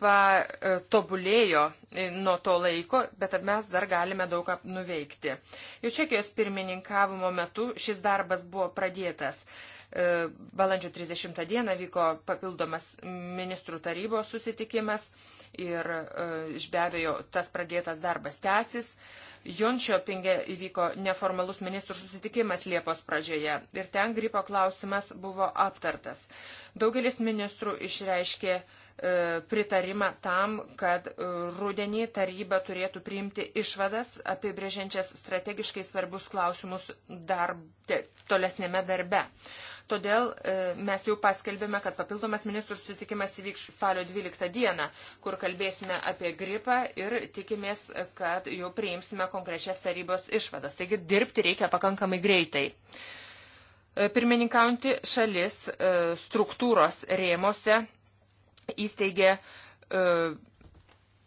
patobulėjo e, e, nuo to laiko, bet mes dar galime daug ką nuveikti. Jau Čekijos pirmininkavimo metu šis darbas buvo pradėtas. Balandžio 30 dieną vyko papildomas ministrų tarybos susitikimas ir e, be abejo tas pradėtas darbas tęsis. Jončiopingė įvyko neformalus ministrų susitikimas Liepos pradžioje ir ten gripo klausimas buvo aptartas. Daugelis ministrų išreiškė e, pritarimą tam, kad e, rudenį taryba turėtų priimti išvadas apibrėžiančias strategiškai svarbus klausimus dar, tolesnėme darbe. Todėl e, mes jau paskelbėme, kad papildomas ministrų susitikimas įvyks spalio 12 dieną, kur kalbėsime apie gripą ir tikimės, kad jau priimsime konkrečias tarybos išvadas. Taigi dirbti reikia pakankamai greitai. E, Pirmininkaujantį šalis e, struktūros rėmose įsteigė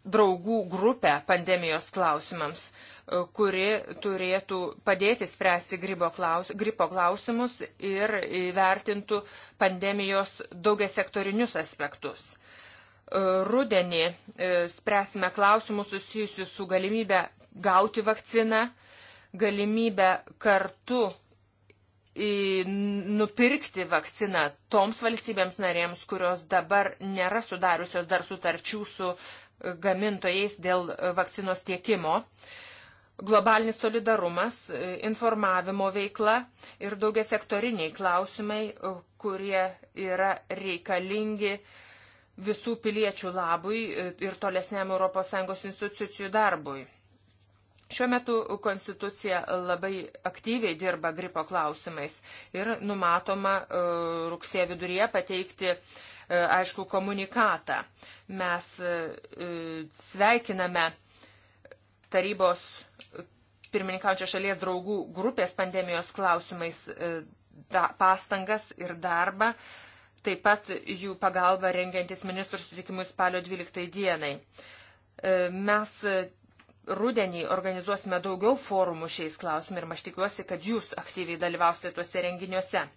draugų grupę pandemijos klausimams kuri turėtų padėti spręsti klaus, gripo klausimus ir įvertintų pandemijos daugia sektorinius aspektus. E, rudenį e, spręsime klausimus susijusius su galimybę gauti vakciną, galimybę kartu nupirkti vakciną toms valstybėms narėms, kurios dabar nėra sudariusios dar sutarčių su e, gamintojais dėl vakcinos tiekimo. Uh, globalinis solidarumas, e, informavimo veikla ir daugia sektoriniai klausimai, e, kurie yra reikalingi visų piliečių labui e, ir tolesniam ES institucijų darbui. Šiuo metu konstitucija labai aktyviai dirba gripo klausimais ir numatoma rugsėjo viduryje pateikti aišku komunikatą. Mes sveikiname tarybos e, pirmininkaujančio šalies draugų grupės pandemijos klausimais e, da, pastangas ir darbą, taip pat jų pagalba rengiantis ministrų susitikimui spalio 12 dienai. E, mes rudenį organizuosime daugiau forumų šiais klausimais ir aš tikiuosi, kad jūs aktyviai dalyvausite tuose renginiuose.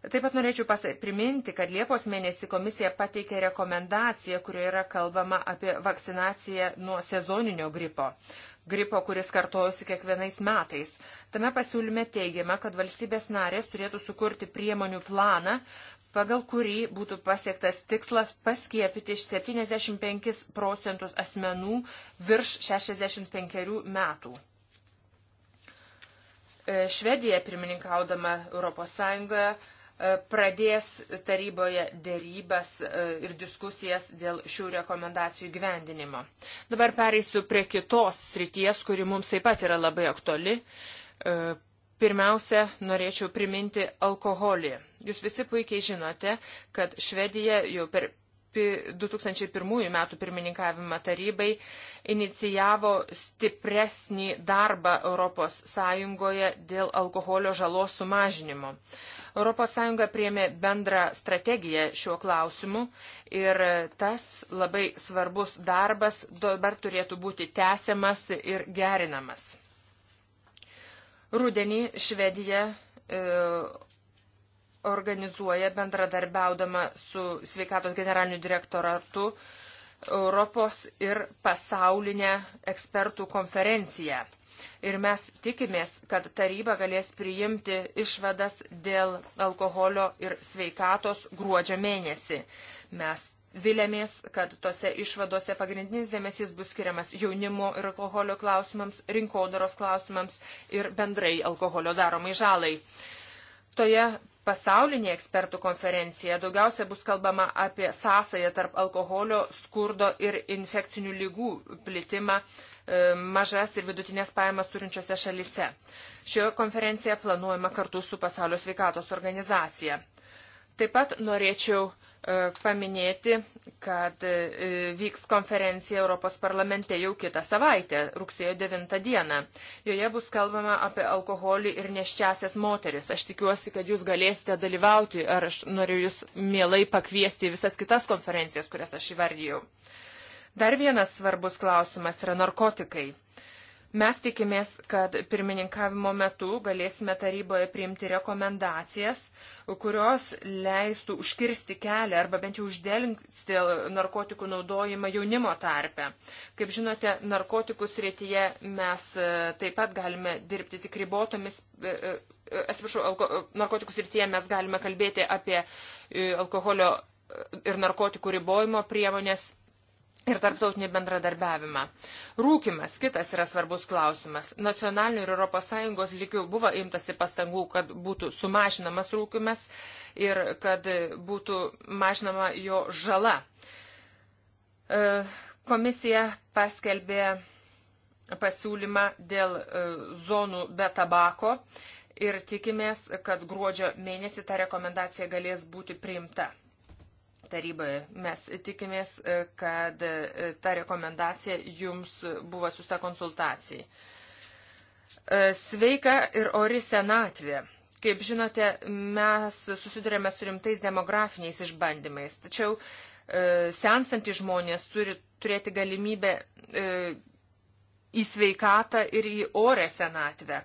Taip pat norėčiau priminti, kad Liepos mėnesį komisija pateikė rekomendaciją, kurioje yra kalbama apie vakcinaciją nuo sezoninio gripo. Gripo, kuris kartojusi kiekvienais metais. Tame pasiūlyme teigiama, kad valstybės narės turėtų sukurti priemonių planą, pagal kurį būtų pasiektas tikslas paskiepyti iš 75 procentus asmenų virš 65 metų. E, Švedija, pirmininkaudama Europos Sąjungoje, E, pradės taryboje dėrybas e, ir diskusijas dėl šių rekomendacijų gyvendinimo. Dabar pereisiu prie kitos srities, kuri mums taip pat yra labai aktuali. E, pirmiausia, norėčiau priminti alkoholį. Jūs visi puikiai žinote, kad Švedija jau per 2001 metų pirmininkavimą tarybai inicijavo stipresnį darbą ES dėl alkoholio žalos sumažinimo. ES priemė bendrą strategiją šiuo klausimu ir tas labai svarbus darbas dabar turėtų būti tęsiamas ir gerinamas. Rudenį Švedija e, organizuoja bendradarbiaudama su sveikatos generaliniu direktoratu Europos ir pasaulinę ekspertų konferenciją. Ir mes tikimės, kad taryba galės priimti išvadas dėl alkoholio ir sveikatos gruodžio mėnesį. Mes vilėmės, kad tose išvadose pagrindinis dėmesys bus skiriamas jaunimo ir alkoholio klausimams, rinkodaros klausimams ir bendrai alkoholio daromai žalai. Toje pasaulinė ekspertų konferencija daugiausia bus kalbama apie sąsąją tarp alkoholio, skurdo ir infekcinių lygų plitimą e, mažas ir vidutinės pajamas turinčiose šalise. Šioje konferencija planuojama kartu su Pasaulio sveikatos organizacija. Taip pat norėčiau uh, E, paminėti, kad e, vyks konferencija Europos parlamente jau kitą savaitę, rugsėjo 9 dieną. Joje bus kalbama apie alkoholį ir neščiasias moteris. Aš tikiuosi, kad jūs galėsite dalyvauti ir aš noriu jūs mielai pakviesti į visas kitas konferencijas, kurias aš įvardyjau. Dar vienas svarbus klausimas yra narkotikai. Uh, Mes tikimės, kad pirmininkavimo metu galėsime taryboje priimti rekomendacijas, kurios leistų užkirsti kelią arba bent jau uždelinkti narkotikų naudojimą jaunimo tarpe. Kaip žinote, narkotikų srityje mes e, taip pat galime dirbti tik ribotomis. E, e, atsiprašau, narkotikų srityje mes galime kalbėti apie alkoholio ir narkotikų ribojimo priemonės ir tarptautinį bendradarbiavimą. Rūkimas kitas yra svarbus klausimas. Nacionalinių ir ES lygių buvo imtasi pastangų, kad būtų sumažinamas rūkimas ir kad būtų mažinama jo žala. E, komisija paskelbė pasiūlymą dėl e, zonų be tabako ir tikimės, kad gruodžio mėnesį ta rekomendacija galės būti priimta taryboje. Mes tikimės, e, kad e, ta rekomendacija jums buvo susta konsultacijai. E, sveika ir ori senatvė. Kaip žinote, mes susidurėme su rimtais demografiniais išbandymais, tačiau sensantys žmonės turi turėti galimybę į sveikatą ir į orę senatvę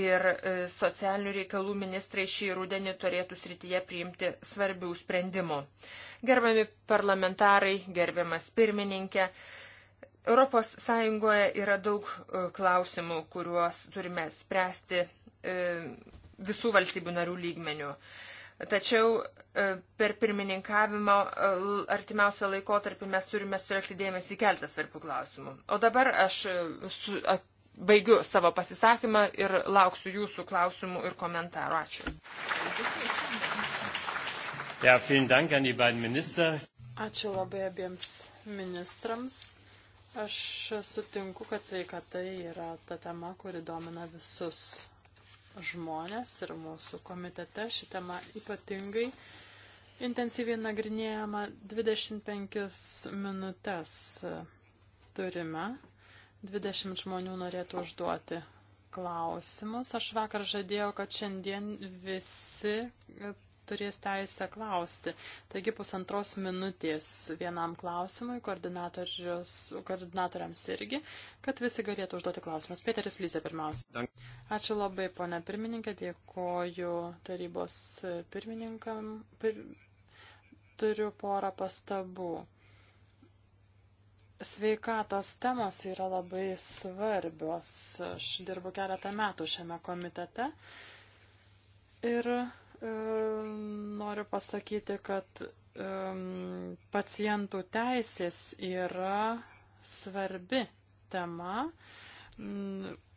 ir e, socialinių reikalų ministrai šį rudenį turėtų srityje priimti svarbių sprendimų. Gerbiami parlamentarai, gerbiamas pirmininkė, ES yra daug e, klausimų, kuriuos turime spręsti e, visų valstybių narių lygmenių. Tačiau per pirmininkavimą artimiausią laikotarpį mes turime surekti dėmesį į keltą svarbių klausimų. O dabar aš su, at, baigiu savo pasisakymą ir lauksiu jūsų klausimų ir komentarų. Ačiū. Ja, dank an die beiden minister. Ačiū labai abiems ministrams. Aš sutinku, kad sveikata yra ta tema, kuri domina visus žmonės ir mūsų komitete. Ši tema ypatingai intensyviai nagrinėjama 25 minutės turime 20 žmonių norėtų užduoti klausimus. Aš vakar žadėjau, kad šiandien visi e, turės teisę klausti. Taigi pusantros minutės vienam klausimui, koordinatoriams irgi, kad visi galėtų užduoti klausimus. Peteris Lyse pirmiausia. Ačiū labai, ponia pirmininkė, dėkoju tarybos pirmininkam. Pir... Turiu porą pastabų. Sveikatos temos yra labai svarbios. Aš dirbu keletą metų šiame komitete ir e, noriu pasakyti, kad e, pacientų teisės yra svarbi tema.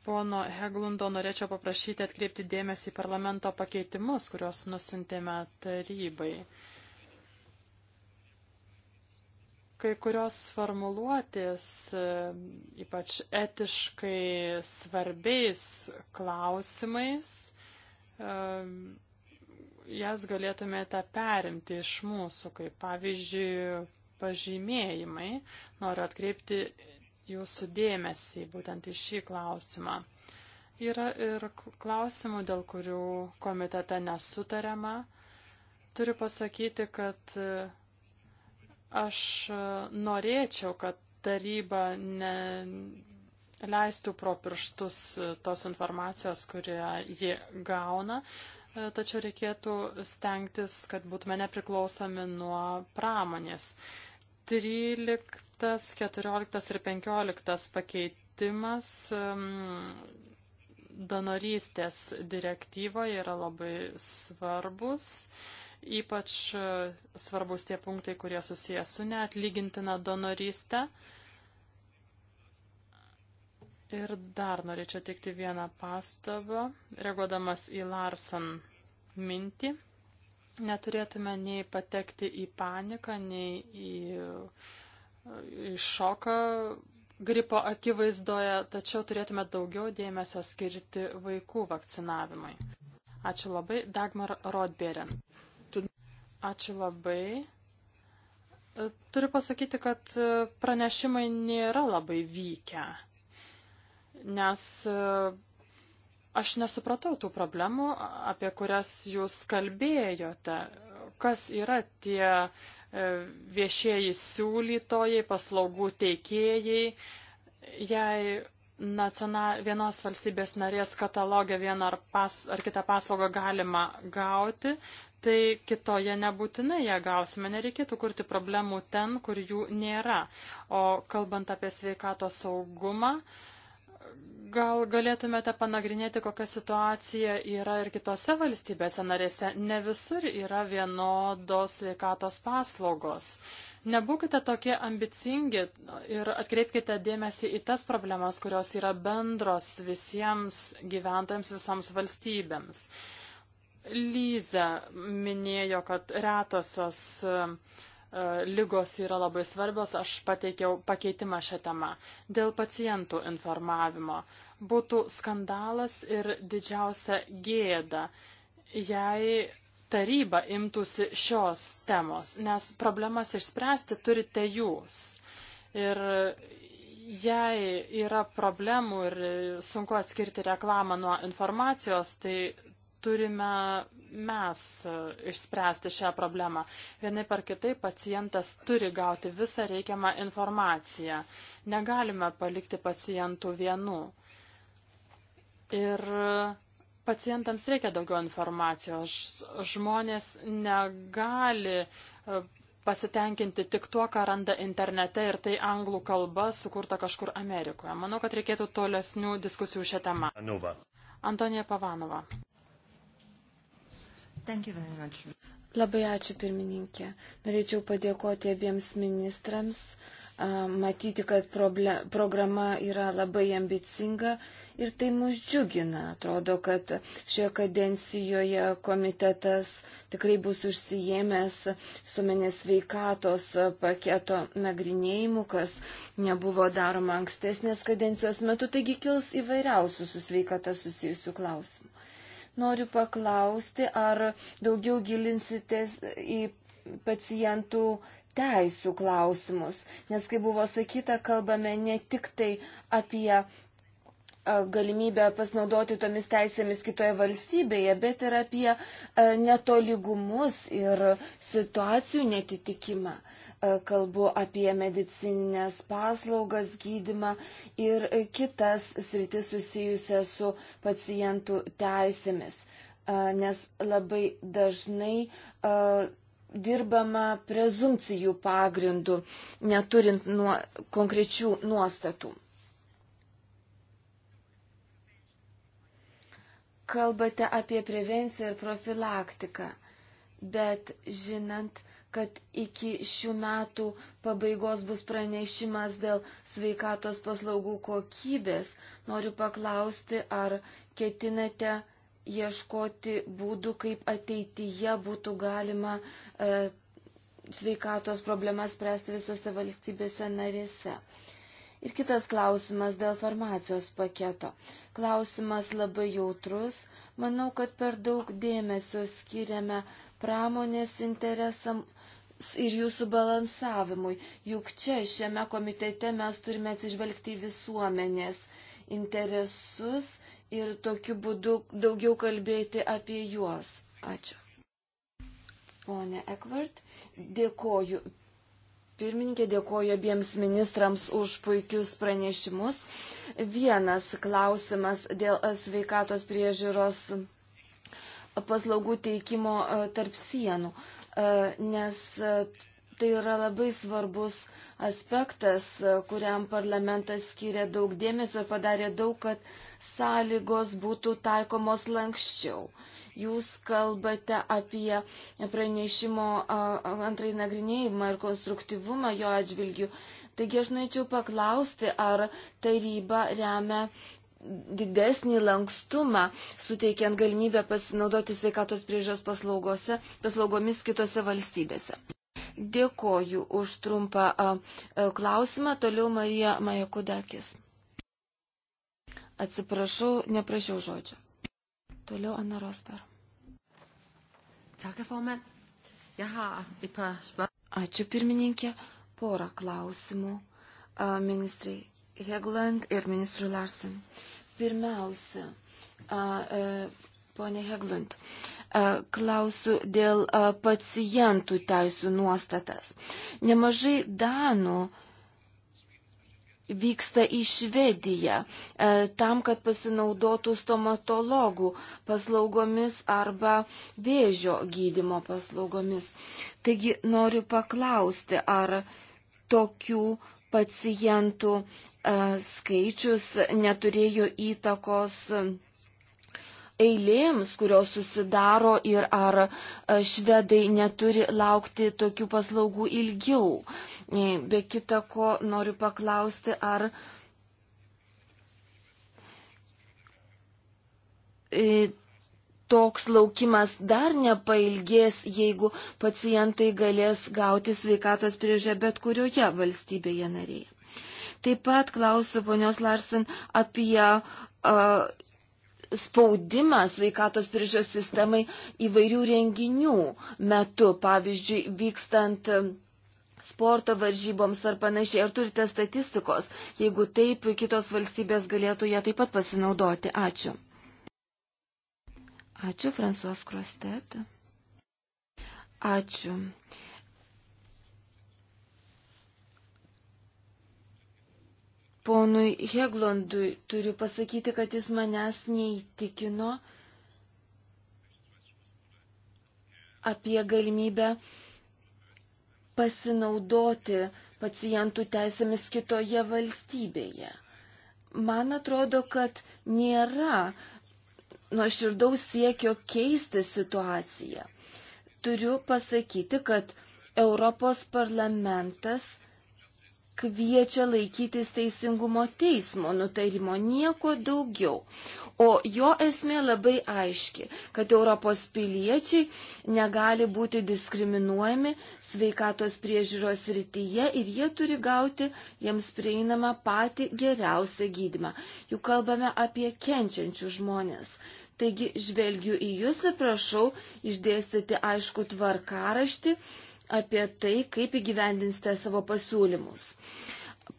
Pono Heglundo norėčiau paprašyti atkreipti dėmesį į parlamento pakeitimus, kuriuos nusintėme tarybai. E, kai kurios formuluotės, e, ypač etiškai svarbiais klausimais, e, jas galėtumėte perimti iš mūsų, kaip pavyzdžiui, pažymėjimai. Noriu atkreipti jūsų dėmesį būtent į šį klausimą. Yra ir klausimų, dėl kurių komitete nesutariama. Turiu pasakyti, kad e, Aš norėčiau, kad taryba ne leistų pro pirštus tos informacijos, kurią ji gauna, tačiau reikėtų stengtis, kad būtume nepriklausomi nuo pramonės. 13, 14 ir 15 pakeitimas um, donorystės direktyvoje yra labai svarbus. Ypač e, svarbus tie punktai, kurie susijęs su neatlygintina donorystė. Ir dar norėčiau teikti vieną pastabą, reaguodamas į Larson mintį. Neturėtume nei patekti į paniką, nei į, į šoką gripo akivaizdoje, tačiau turėtume daugiau dėmesio skirti vaikų vakcinavimui. Ačiū labai, Dagmar Rodbėrin. Ačiū labai. E, turiu pasakyti, kad e, pranešimai nėra labai vykę, nes e, aš nesupratau tų problemų, apie kurias jūs kalbėjote. Kas yra tie viešieji siūlytojai, paslaugų teikėjai, jei nacional, vienos valstybės narės kataloge vieną ar, pas, ar kitą paslaugą galima gauti, tai kitoje nebūtinai ją gausime. Nereikėtų kurti problemų ten, kur jų nėra. O kalbant apie sveikato saugumą, gal galėtumėte panagrinėti, kokia situacija yra ir kitose valstybėse narėse. Ne visur yra vienodos sveikatos paslaugos. Nebūkite tokie ambicingi ir atkreipkite dėmesį į tas problemas, kurios yra bendros visiems gyventojams, visams valstybėms. Lyze minėjo, kad retosios e, lygos yra labai svarbios, aš pateikiau pakeitimą šią temą dėl pacientų informavimo. Būtų skandalas ir didžiausia gėda, jei taryba imtųsi šios temos, nes problemas išspręsti turite jūs. Ir jei yra problemų ir sunku atskirti reklamą nuo informacijos, tai turime mes išspręsti šią problemą. Vienai par kitai pacientas turi gauti visą reikiamą informaciją. Negalime palikti pacientų vienų. Ir pacientams reikia daugiau informacijos. Žmonės negali e, pasitenkinti tik tuo, ką randa internete ir tai anglų kalba sukurta kažkur Amerikoje. Manau, kad reikėtų tolesnių diskusijų šią temą. Anuva. Antonija Pavanova. Labai ačiū pirmininkė. Norėčiau padėkoti abiems ministrams matyti, kad problem, programa yra labai ambicinga ir tai mus džiugina. Atrodo, kad šioje kadencijoje komitetas tikrai bus užsijėmęs visuomenės veikatos paketo nagrinėjimu, kas nebuvo daroma ankstesnės kadencijos metu, taigi kils įvairiausių su sveikata susijusių klausimų. Noriu paklausti, ar daugiau gilinsitės į pacientų teisų klausimus, nes, kaip buvo sakyta, kalbame ne tik tai apie e, galimybę pasinaudoti tomis teisėmis kitoje valstybėje, bet ir apie e, netolygumus ir situacijų netitikimą. E, kalbu apie medicininės paslaugas, gydimą ir kitas sritis susijusias su pacientų teisėmis, nes labai dažnai dirbama prezumcijų pagrindų, neturint nuo, konkrečių nuostatų. Kalbate apie prevenciją ir profilaktiką, bet žinant, kad iki šių metų pabaigos bus pranešimas dėl sveikatos paslaugų kokybės, noriu paklausti, ar ketinate ieškoti būdų, kaip ateityje būtų galima e, sveikatos problemas spręsti visose valstybėse narėse. Ir kitas klausimas dėl farmacijos paketo. Klausimas labai jautrus. Manau, kad per daug dėmesio skiriame pramonės interesam ir jų subalansavimui. Juk čia, šiame komitete, mes turime atsižvelgti į visuomenės interesus ir tokiu būdu daugiau kalbėti apie juos. Ačiū. Pone Ekvart, dėkoju. Pirmininkė dėkoju abiems ministrams už puikius pranešimus. Vienas klausimas dėl sveikatos priežiūros paslaugų teikimo e, tarp sienų, e, nes e, tai yra labai svarbus aspektas, kuriam parlamentas skiria daug dėmesio ir padarė daug, kad sąlygos būtų taikomos lankščiau. Jūs kalbate apie pranešimo antrąjį nagrinėjimą ir konstruktyvumą jo atžvilgių. Taigi aš norėčiau paklausti, ar taryba remia didesnį lankstumą, suteikiant galimybę pasinaudoti sveikatos priežos paslaugomis kitose valstybėse. Dėkoju už trumpą klausimą. Toliau Marija Majakudakis. Atsiprašau, neprašiau žodžio. Toliau Anna Rosper. Ačiū pirmininkė. Porą klausimų ministrai Hegland ir ministrui Larsen. Pirmiausia, e, ponė Hegland. A, Klausiu dėl pacientų teisų nuostatas. Nemažai Danų vyksta į Švediją tam, kad pasinaudotų stomatologų paslaugomis arba vėžio gydimo paslaugomis. Taigi noriu paklausti, ar tokių pacientų skaičius neturėjo įtakos eilėms, kurios susidaro ir ar e, švedai neturi laukti tokių paslaugų ilgiau. E, be kita ko, noriu paklausti, ar e, toks laukimas dar nepailgės, jeigu pacientai galės gauti sveikatos priežę bet kurioje valstybėje narėje. Taip pat klausiu ponios Larsen apie uh, spaudimas sveikatos priežios sistemai įvairių renginių metu, pavyzdžiui, vykstant e, sporto varžyboms ar panašiai. Ar turite statistikos? Jeigu taip, kitos valstybės galėtų ją taip pat pasinaudoti. Ačiū. Ačiū, Fransuos Krostet. Ačiū. ponui Heglondui turiu pasakyti, kad jis manęs neįtikino apie galimybę pasinaudoti pacientų teisėmis kitoje valstybėje. Man atrodo, kad nėra nuoširdaus siekio keisti situaciją. Turiu pasakyti, kad Europos parlamentas kviečia laikytis teisingumo teismo nutarimo, nieko daugiau. O jo esmė labai aiški, kad Europos piliečiai negali būti diskriminuojami sveikatos priežiūros rytyje ir jie turi gauti jiems prieinamą patį geriausią gydimą. Juk kalbame apie kenčiančių žmonės. Taigi žvelgiu į Jūs ir prašau išdėstyti aišku tvarkaraštį apie tai, kaip įgyvendinsite savo pasiūlymus.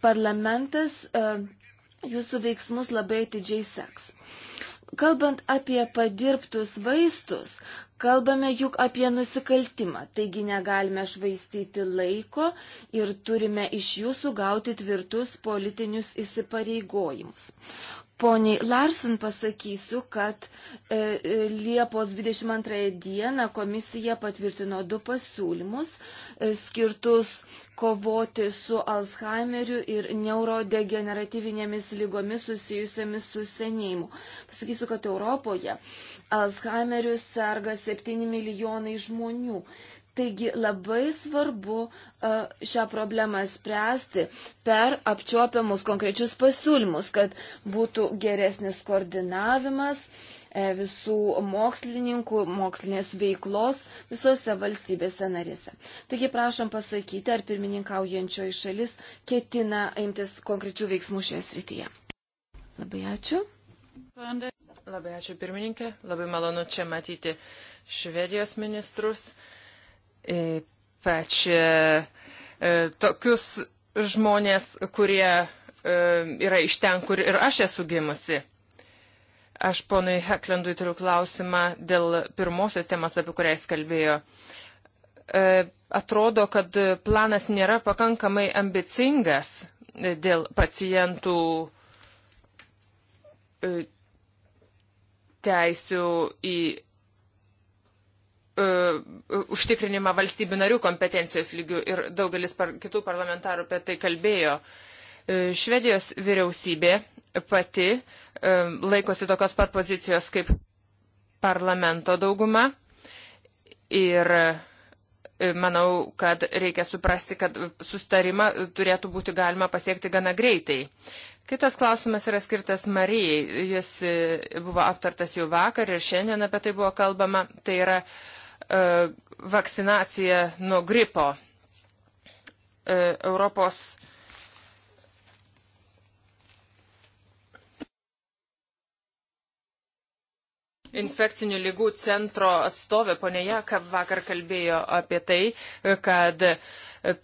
Parlamentas e, jūsų veiksmus labai atidžiai seks. Kalbant apie padirbtus vaistus, kalbame juk apie nusikaltimą, taigi negalime švaistyti laiko ir turime iš jūsų gauti tvirtus politinius įsipareigojimus. Poniai Larsun pasakysiu, kad e, e Liepos 22 dieną komisija patvirtino du pasiūlymus e, skirtus kovoti su Alzheimeriu ir neurodegeneratyvinėmis lygomis susijusiamis su senėjimu. Pasakysiu, kad Europoje Alzheimeriu serga 7 milijonai žmonių. Taigi labai svarbu e, šią problemą spręsti per apčiopiamus konkrečius pasiūlymus, kad būtų geresnis koordinavimas e, visų mokslininkų, mokslinės veiklos visose valstybėse narėse. Taigi prašom pasakyti, ar pirmininkaujančioji šalis ketina imtis konkrečių veiksmų šioje srityje. Labai ačiū. Labai ačiū pirmininkė, labai malonu čia matyti Švedijos ministrus. Ypač e, tokius žmonės, kurie e, yra iš ten, kur ir aš esu gimusi. Aš ponui Heklendui turiu klausimą dėl pirmosios temas, apie kurią jis kalbėjo. E, atrodo, kad planas nėra pakankamai ambicingas dėl pacientų teisių į E, užtikrinimą valstybių narių kompetencijos lygių ir daugelis par, kitų parlamentarų apie tai kalbėjo. E, Švedijos vyriausybė pati e, laikosi tokios pat pozicijos kaip parlamento dauguma ir manau, kad reikia suprasti, kad sustarimą turėtų būti galima pasiekti gana greitai. Kitas klausimas yra skirtas Marijai. Jis buvo aptartas jau vakar ir šiandien apie tai buvo kalbama. Tai yra uh, E, vakcinacija nuo gripo. E, Europos infekcinių lygų centro atstovė ponė Jaka vakar kalbėjo apie tai, kad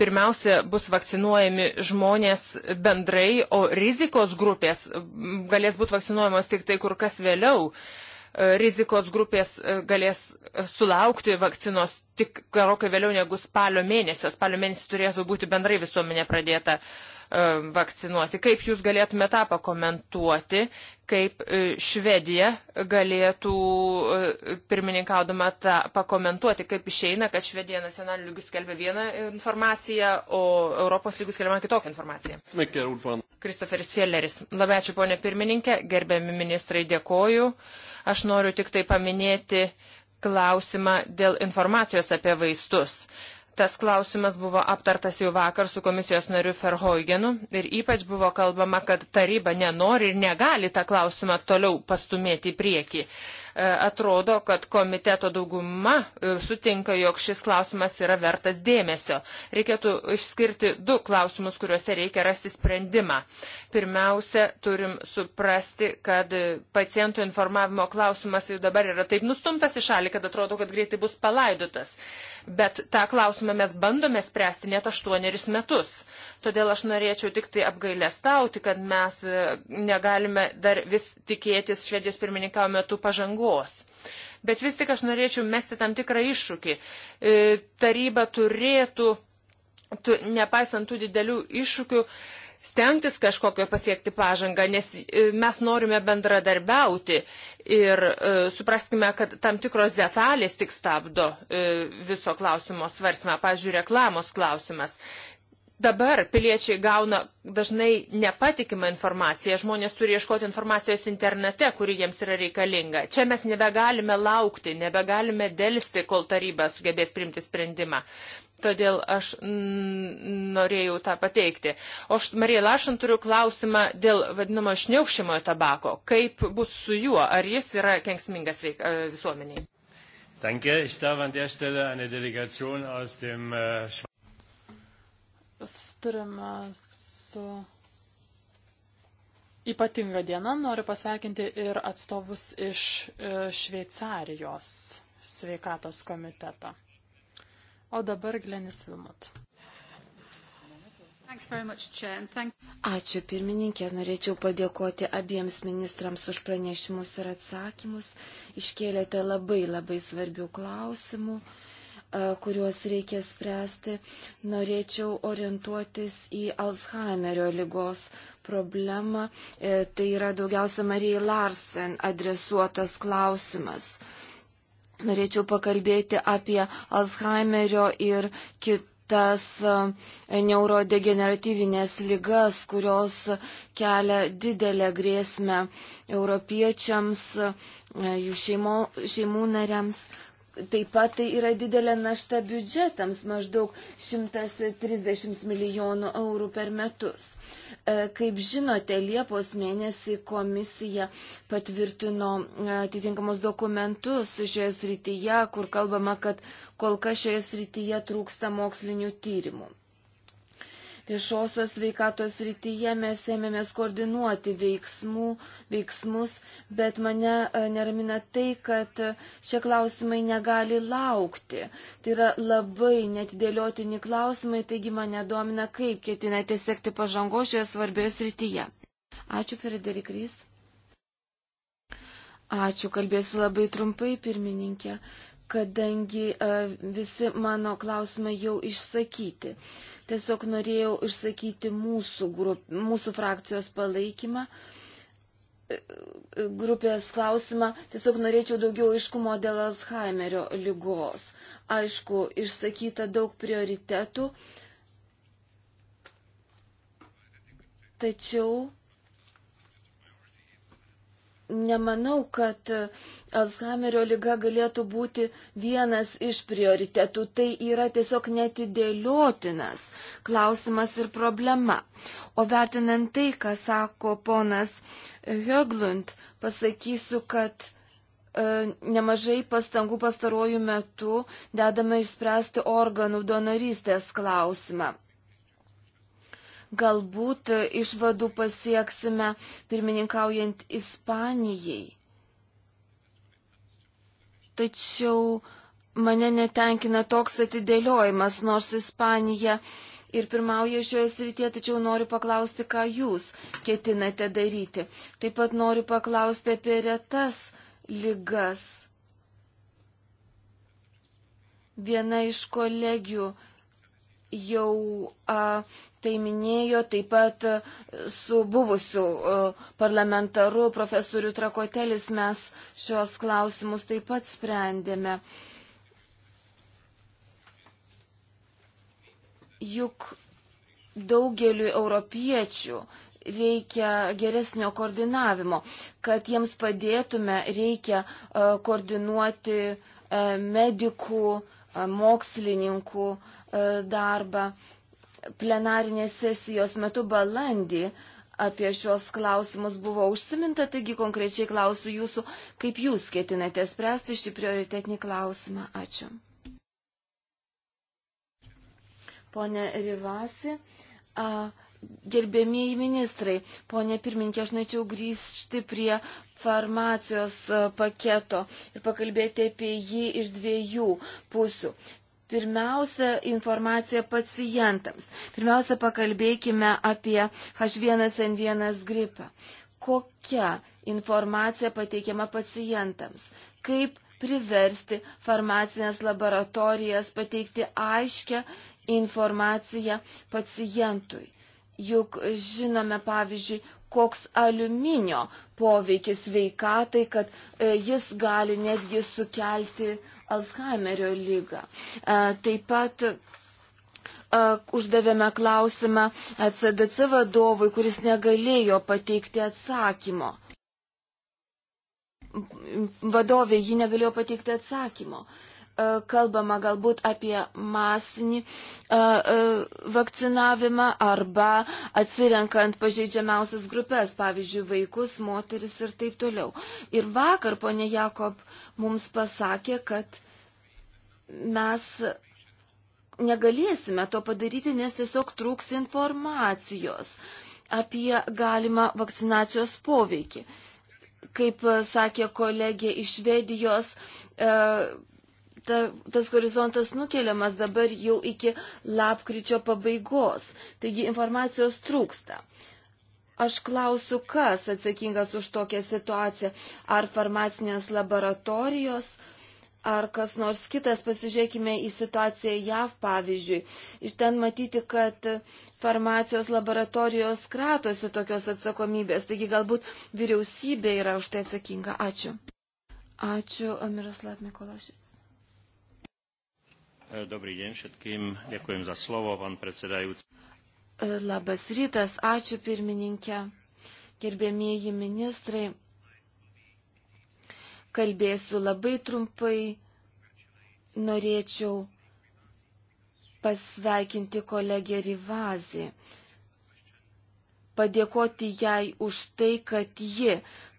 pirmiausia bus vakcinuojami žmonės bendrai, o rizikos grupės galės būti vakcinuojamos tik tai kur kas vėliau. Uh, rizikos grupės e, galės e, sulaukti vakcinos tik gerokai vėliau negu spalio mėnesio. Spalio mėnesį turėtų būti bendrai visuomenė pradėta e, vakcinuoti. Kaip jūs galėtume tą pakomentuoti, kaip e, Švedija galėtų e, pirmininkaudama tą pakomentuoti, kaip išeina, kad Švedija nacionaliniu lygiu skelbia vieną informaciją, o Europos lygiu skelbia kitokią informaciją. Kristoferis Fielleris. Labai ačiū, ponė pirmininkė, gerbiami ministrai, dėkoju. Aš noriu tik tai paminėti, klausimą dėl informacijos apie vaistus. Tas klausimas buvo aptartas jau vakar su komisijos nariu Ferhoigenu ir ypač buvo kalbama, kad taryba nenori ir negali tą klausimą toliau pastumėti į priekį. E, atrodo, kad komiteto dauguma e, sutinka, jog šis klausimas yra vertas dėmesio. Reikėtų išskirti du klausimus, kuriuose reikia rasti sprendimą. Pirmiausia, turim suprasti, kad pacientų informavimo klausimas jau dabar yra taip nustumtas į šalį, kad atrodo, kad greitai bus palaidotas bet tą klausimą mes bandome spręsti net aštuonerius metus. Todėl aš norėčiau tik tai apgailestauti, kad mes e, negalime dar vis tikėtis švedijos pirmininkavo metu pažangos. Bet vis tik aš norėčiau mesti tam tikrą iššūkį. E, taryba turėtų, nepaisant tų didelių iššūkių, stengtis kažkokio pasiekti pažangą, nes e, mes norime bendradarbiauti ir e, supraskime, kad tam tikros detalės tik stabdo e, viso klausimo svarsmą, pažiūrė, reklamos klausimas. Dabar piliečiai gauna dažnai nepatikimą informaciją, žmonės turi ieškoti informacijos internete, kuri jiems yra reikalinga. Čia mes nebegalime laukti, nebegalime dėlsti, kol taryba sugebės priimti sprendimą. Todėl aš norėjau tą pateikti. O aš, Marija Lašan, turiu klausimą dėl vadinamo šniaukšimojo tabako. Kaip bus su juo? Ar jis yra kenksmingas veik, visuomeniai? Danke, ich darf an der Stelle eine Delegation aus dem äh, Susitarime su ypatinga diena. Noriu pasveikinti ir atstovus iš e, Šveicarijos sveikatos komiteto. O dabar Glenis Vilmot. Ačiū pirmininkė, norėčiau padėkoti abiems ministrams už pranešimus ir atsakymus. Iškėlėte labai labai svarbių klausimų e, kuriuos reikia spręsti, norėčiau orientuotis į Alzheimerio lygos problemą. E, tai yra daugiausia Marijai Larsen adresuotas klausimas norėčiau pakalbėti apie Alzheimerio ir kitas e, neurodegeneratyvinės lygas, kurios kelia didelę grėsmę europiečiams, e, jų šeimo, šeimų nariams. Taip pat tai yra didelė našta biudžetams, maždaug 130 milijonų eurų per metus. E, kaip žinote, Liepos mėnesį komisija patvirtino e, atitinkamus dokumentus šioje srityje, kur kalbama, kad kol kas šioje srityje trūksta mokslinių tyrimų viešosios veikatos rytyje mes ėmėmės koordinuoti veiksmų, veiksmus, bet mane e, neramina tai, kad šie klausimai negali laukti. Tai yra labai netidėliotini klausimai, taigi mane domina, kaip ketinate sekti pažango šioje svarbioje srityje. Ačiū, Frederik Rys. Ačiū, kalbėsiu labai trumpai, pirmininkė kadangi visi mano klausimai jau išsakyti. Tiesiog norėjau išsakyti mūsų, grup, mūsų frakcijos palaikymą e, grupės klausimą. Tiesiog norėčiau daugiau aiškumo dėl Alzheimerio lygos. Aišku, išsakyta daug prioritetų, tačiau nemanau, kad Alzheimerio lyga galėtų būti vienas iš prioritetų. Tai yra tiesiog netidėliotinas klausimas ir problema. O vertinant tai, ką sako ponas Höglund, pasakysiu, kad e, Nemažai pastangų pastarojų metų dedame išspręsti organų donorystės klausimą. Galbūt išvadų pasieksime pirmininkaujant Ispanijai. Tačiau mane netenkina toks atidėliojimas, nors Ispanija ir pirmauja šioje srityje, tačiau noriu paklausti, ką jūs ketinate daryti. Taip pat noriu paklausti apie retas lygas. Viena iš kolegių jau a, tai minėjo taip pat su buvusiu e, parlamentaru profesoriu Trakotelis mes šios klausimus taip pat sprendėme. Juk daugeliu europiečių reikia geresnio koordinavimo. Kad jiems padėtume, reikia e, koordinuoti e, medikų, mokslininkų darbą plenarinės sesijos metu balandį apie šios klausimus buvo užsiminta, taigi konkrečiai klausiu jūsų, kaip jūs ketinate spręsti šį prioritetinį klausimą. Ačiū. Pone Rivasi, a, gerbėmieji ministrai, ponė pirmininkė, aš norėčiau grįžti prie farmacijos paketo ir pakalbėti apie jį iš dviejų pusių. Pirmiausia, informacija pacientams. Pirmiausia, pakalbėkime apie H1N1 gripą. Kokia informacija pateikiama pacientams? Kaip priversti farmacinės laboratorijas pateikti aiškę informaciją pacientui? Juk žinome, pavyzdžiui, koks aliuminio poveikis veikatai, kad e, jis gali netgi sukelti uh, Alzheimerio lygą. E, taip pat e, uždavėme klausimą CDC e vadovui, kuris negalėjo pateikti atsakymo. Vadovė, ji negalėjo pateikti atsakymo. E, kalbama galbūt apie masinį e, e, vakcinavimą arba atsirenkant pažeidžiamiausias grupės, pavyzdžiui, vaikus, moteris ir taip toliau. Ir vakar ponė Jakob mums pasakė, kad mes negalėsime to padaryti, nes tiesiog trūks informacijos apie galimą vakcinacijos poveikį. Kaip sakė kolegė iš Švedijos, e, ta, tas horizontas nukeliamas dabar jau iki lapkričio pabaigos, taigi informacijos trūksta. Aš klausiu, kas atsakingas už tokią situaciją, ar farmacinės laboratorijos, ar kas nors kitas, pasižiūrėkime į situaciją JAV pavyzdžiui. Iš ten matyti, kad farmacijos laboratorijos kratosi tokios atsakomybės, taigi galbūt vyriausybė yra už tai atsakinga. Ačiū. Ačiū, Miroslav Mikolašis. E, dobrý deň všetkým. Ďakujem za slovo, pán predsedajúci. E, labas rytas, ačiū pirmininkė. Gerbėmieji ministrai, kalbėsiu labai trumpai. Norėčiau pasveikinti kolegę Rivazį padėkoti jai už tai, kad ji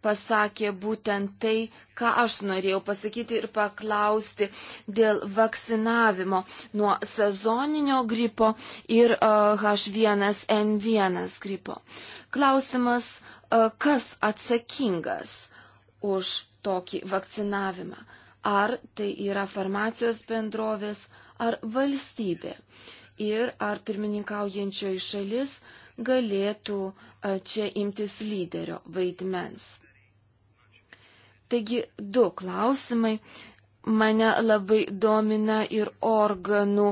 pasakė būtent tai, ką aš norėjau pasakyti ir paklausti dėl vakcinavimo nuo sezoninio gripo ir H1N1 gripo. Klausimas, kas atsakingas už tokį vakcinavimą? Ar tai yra farmacijos bendrovės, ar valstybė? Ir ar pirmininkaujančioji šalis galėtų čia imtis lyderio vaidmens. Taigi du klausimai. Mane labai domina ir organų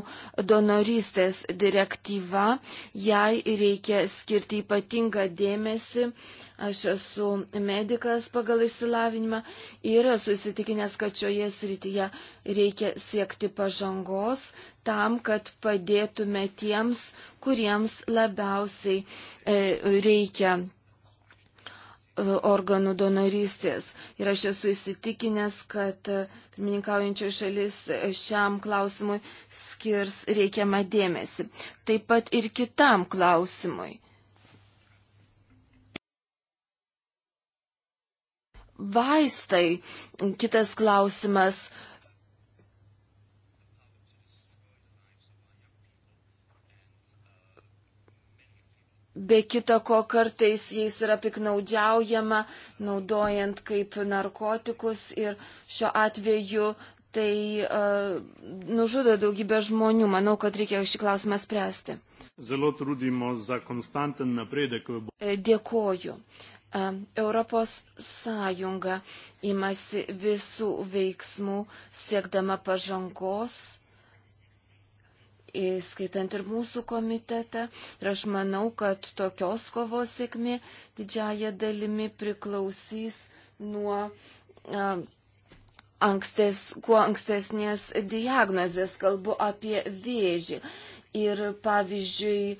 donorystės direktyva. Jai reikia skirti ypatingą dėmesį. Aš esu medicas pagal išsilavinimą ir esu įsitikinęs, kad šioje srityje reikia siekti pažangos tam, kad padėtume tiems, kuriems labiausiai e, reikia e, organų donorystės. Ir aš esu įsitikinęs, kad pirmininkaujančio šalis šiam klausimui skirs reikiamą dėmesį. Taip pat ir kitam klausimui. Vaistai, kitas klausimas, Be kita ko kartais jais yra piknaudžiaujama, naudojant kaip narkotikus ir šiuo atveju tai uh, nužudo daugybę žmonių. Manau, kad reikia šį klausimą spręsti. E, dėkoju. E, Europos Sąjunga imasi visų veiksmų siekdama pažangos įskaitant ir mūsų komitetą. Ir aš manau, kad tokios kovos sėkmė didžiaja dalimi priklausys nuo a, ankstes, kuo ankstesnės diagnozės, kalbu apie vėžį. Ir pavyzdžiui,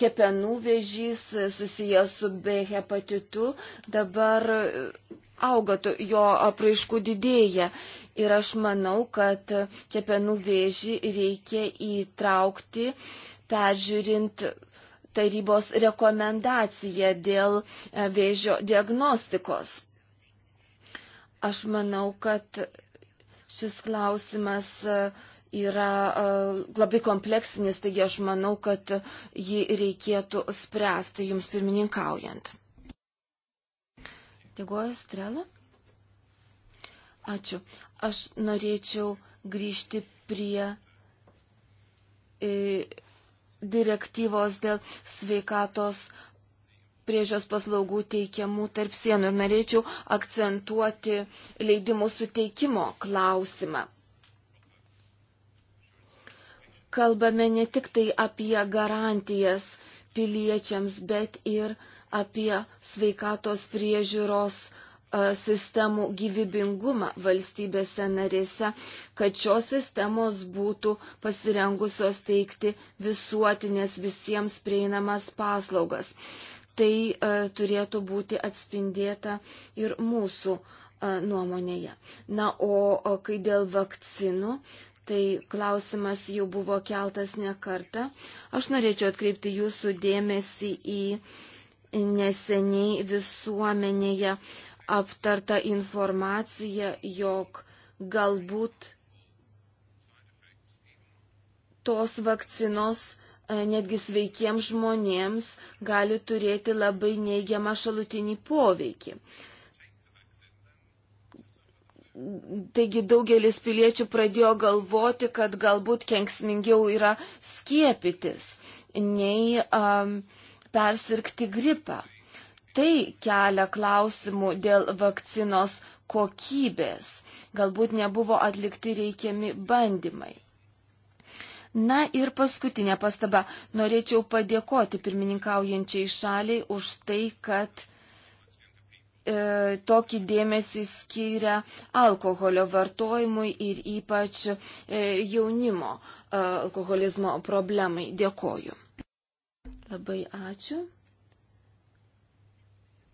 kepenų vėžys susijęs su B hepatitu dabar auga, jo apraiškų didėja. Ir aš manau, kad kepenų vėžį reikia įtraukti, peržiūrint tarybos rekomendaciją dėl e, vėžio diagnostikos. Aš manau, kad šis klausimas e, yra e, labai kompleksinis, taigi aš manau, kad jį reikėtų spręsti jums pirmininkaujant. Dėkuoju, Strela. Ačiū. Aš norėčiau grįžti prie e, direktyvos dėl sveikatos priežios paslaugų teikiamų tarp sienų ir norėčiau akcentuoti leidimų suteikimo klausimą. Kalbame ne tik tai apie garantijas piliečiams, bet ir apie sveikatos priežiūros E, sistemų gyvybingumą valstybėse narėse, kad šios sistemos būtų pasirengusios teikti visuotinės visiems prieinamas paslaugas. Tai e, turėtų būti atspindėta ir mūsų e, nuomonėje. Na, o, o kai dėl vakcinų, Tai klausimas jau buvo keltas ne kartą. Aš norėčiau atkreipti jūsų dėmesį į neseniai visuomenėje aptarta informacija, jog galbūt tos vakcinos e, netgi sveikiems žmonėms gali turėti labai neigiamą šalutinį poveikį. Taigi daugelis piliečių pradėjo galvoti, kad galbūt kenksmingiau yra skiepytis nei um, persirgti gripą tai kelia klausimų dėl vakcinos kokybės. Galbūt nebuvo atlikti reikiami bandymai. Na ir paskutinė pastaba. Norėčiau padėkoti pirmininkaujančiai šaliai už tai, kad e, tokį dėmesį skiria alkoholio vartojimui ir ypač e, jaunimo e, alkoholizmo problemai. Dėkoju. Labai ačiū.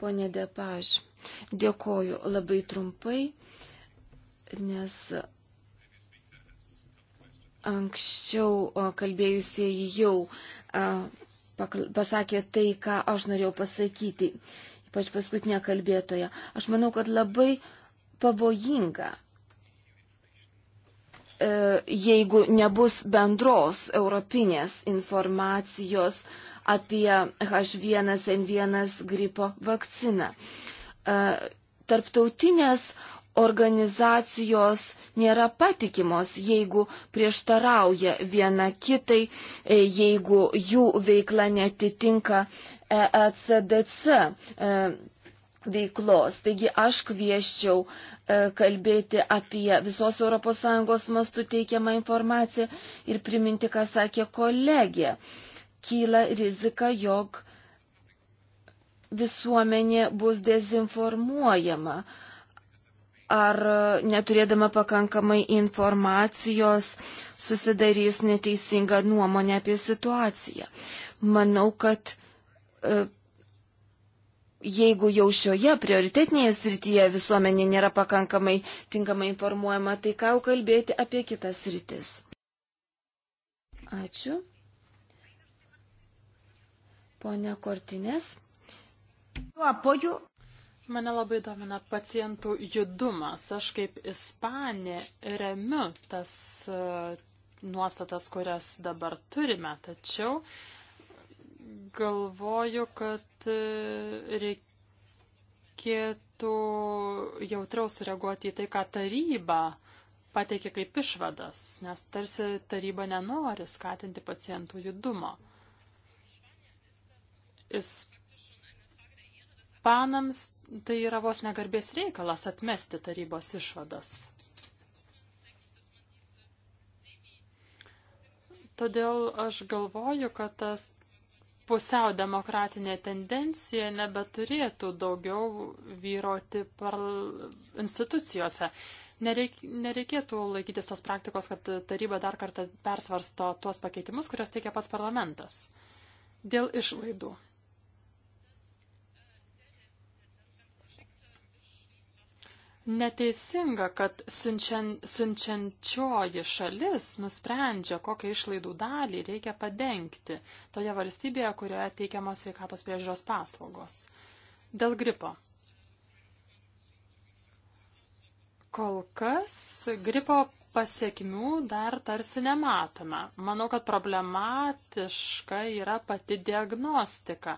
Pone Depaž, dėkoju labai trumpai, nes anksčiau kalbėjusieji jau pasakė tai, ką aš norėjau pasakyti, ypač paskutinė kalbėtoja. Aš manau, kad labai pavojinga e, jeigu nebus bendros europinės informacijos uh, apie H1N1 gripo vakciną. E, tarptautinės organizacijos nėra patikimos, jeigu prieštarauja viena kitai, e, jeigu jų veikla netitinka ECDC e, veiklos. Taigi aš kvieščiau kalbėti apie visos ES mastų teikiamą informaciją ir priminti, ką sakė kolegė. Uh, kyla rizika, jog visuomenė bus dezinformuojama. Ar neturėdama pakankamai informacijos susidarys neteisinga nuomonė apie situaciją. Manau, kad e, jeigu jau šioje prioritetinėje srityje visuomenė nėra pakankamai tinkamai informuojama, tai ką jau kalbėti apie kitas sritis. Ačiū. Pone Kortinės. Apoju. Mane labai domina pacientų judumas. Aš kaip ispanė remiu tas e, nuostatas, kurias dabar turime, tačiau galvoju, kad e, reikėtų jautriau sureaguoti į tai, ką taryba pateikia kaip išvadas, nes tarsi taryba nenori skatinti pacientų judumo. Ispanams tai yra vos negarbės reikalas atmesti tarybos išvadas. Todėl aš galvoju, kad tas pusiau demokratinė tendencija nebeturėtų daugiau vyroti institucijose. Nereik, nereikėtų laikytis tos praktikos, kad taryba dar kartą persvarsto tuos pakeitimus, kurios teikia pats parlamentas. Dėl išlaidų. neteisinga, kad siunčian, siunčiančioji šalis nusprendžia, kokią išlaidų dalį reikia padengti toje valstybėje, kurioje teikiamos sveikatos priežiūros paslaugos. Dėl gripo. Kol kas gripo pasiekmių dar tarsi nematome. Manau, kad problematiška yra pati diagnostika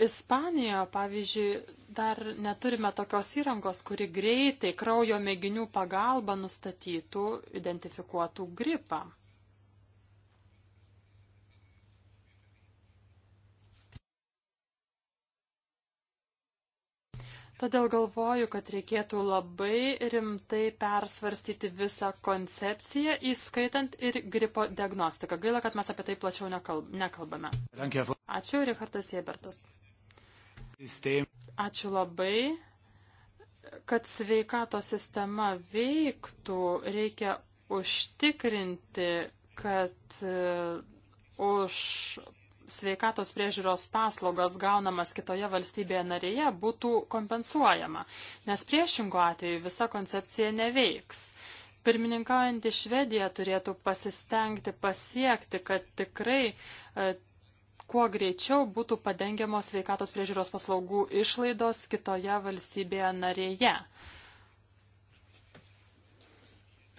Ispanijoje, pavyzdžiui, dar neturime tokios įrangos, kuri greitai kraujo mėginių pagalba nustatytų, identifikuotų gripą. Todėl galvoju, kad reikėtų labai rimtai persvarstyti visą koncepciją, įskaitant ir gripo diagnostiką. Gaila, kad mes apie tai plačiau nekalbame. Ačiū, Richardas Jebertas. Ačiū labai. Kad sveikato sistema veiktų, reikia užtikrinti, kad e, už sveikatos priežiūros paslaugas gaunamas kitoje valstybėje narėje būtų kompensuojama, nes priešingų atveju visa koncepcija neveiks. Pirmininkaujantį Švediją turėtų pasistengti pasiekti, kad tikrai e, kuo greičiau būtų padengiamos sveikatos priežiūros paslaugų išlaidos kitoje valstybėje narėje.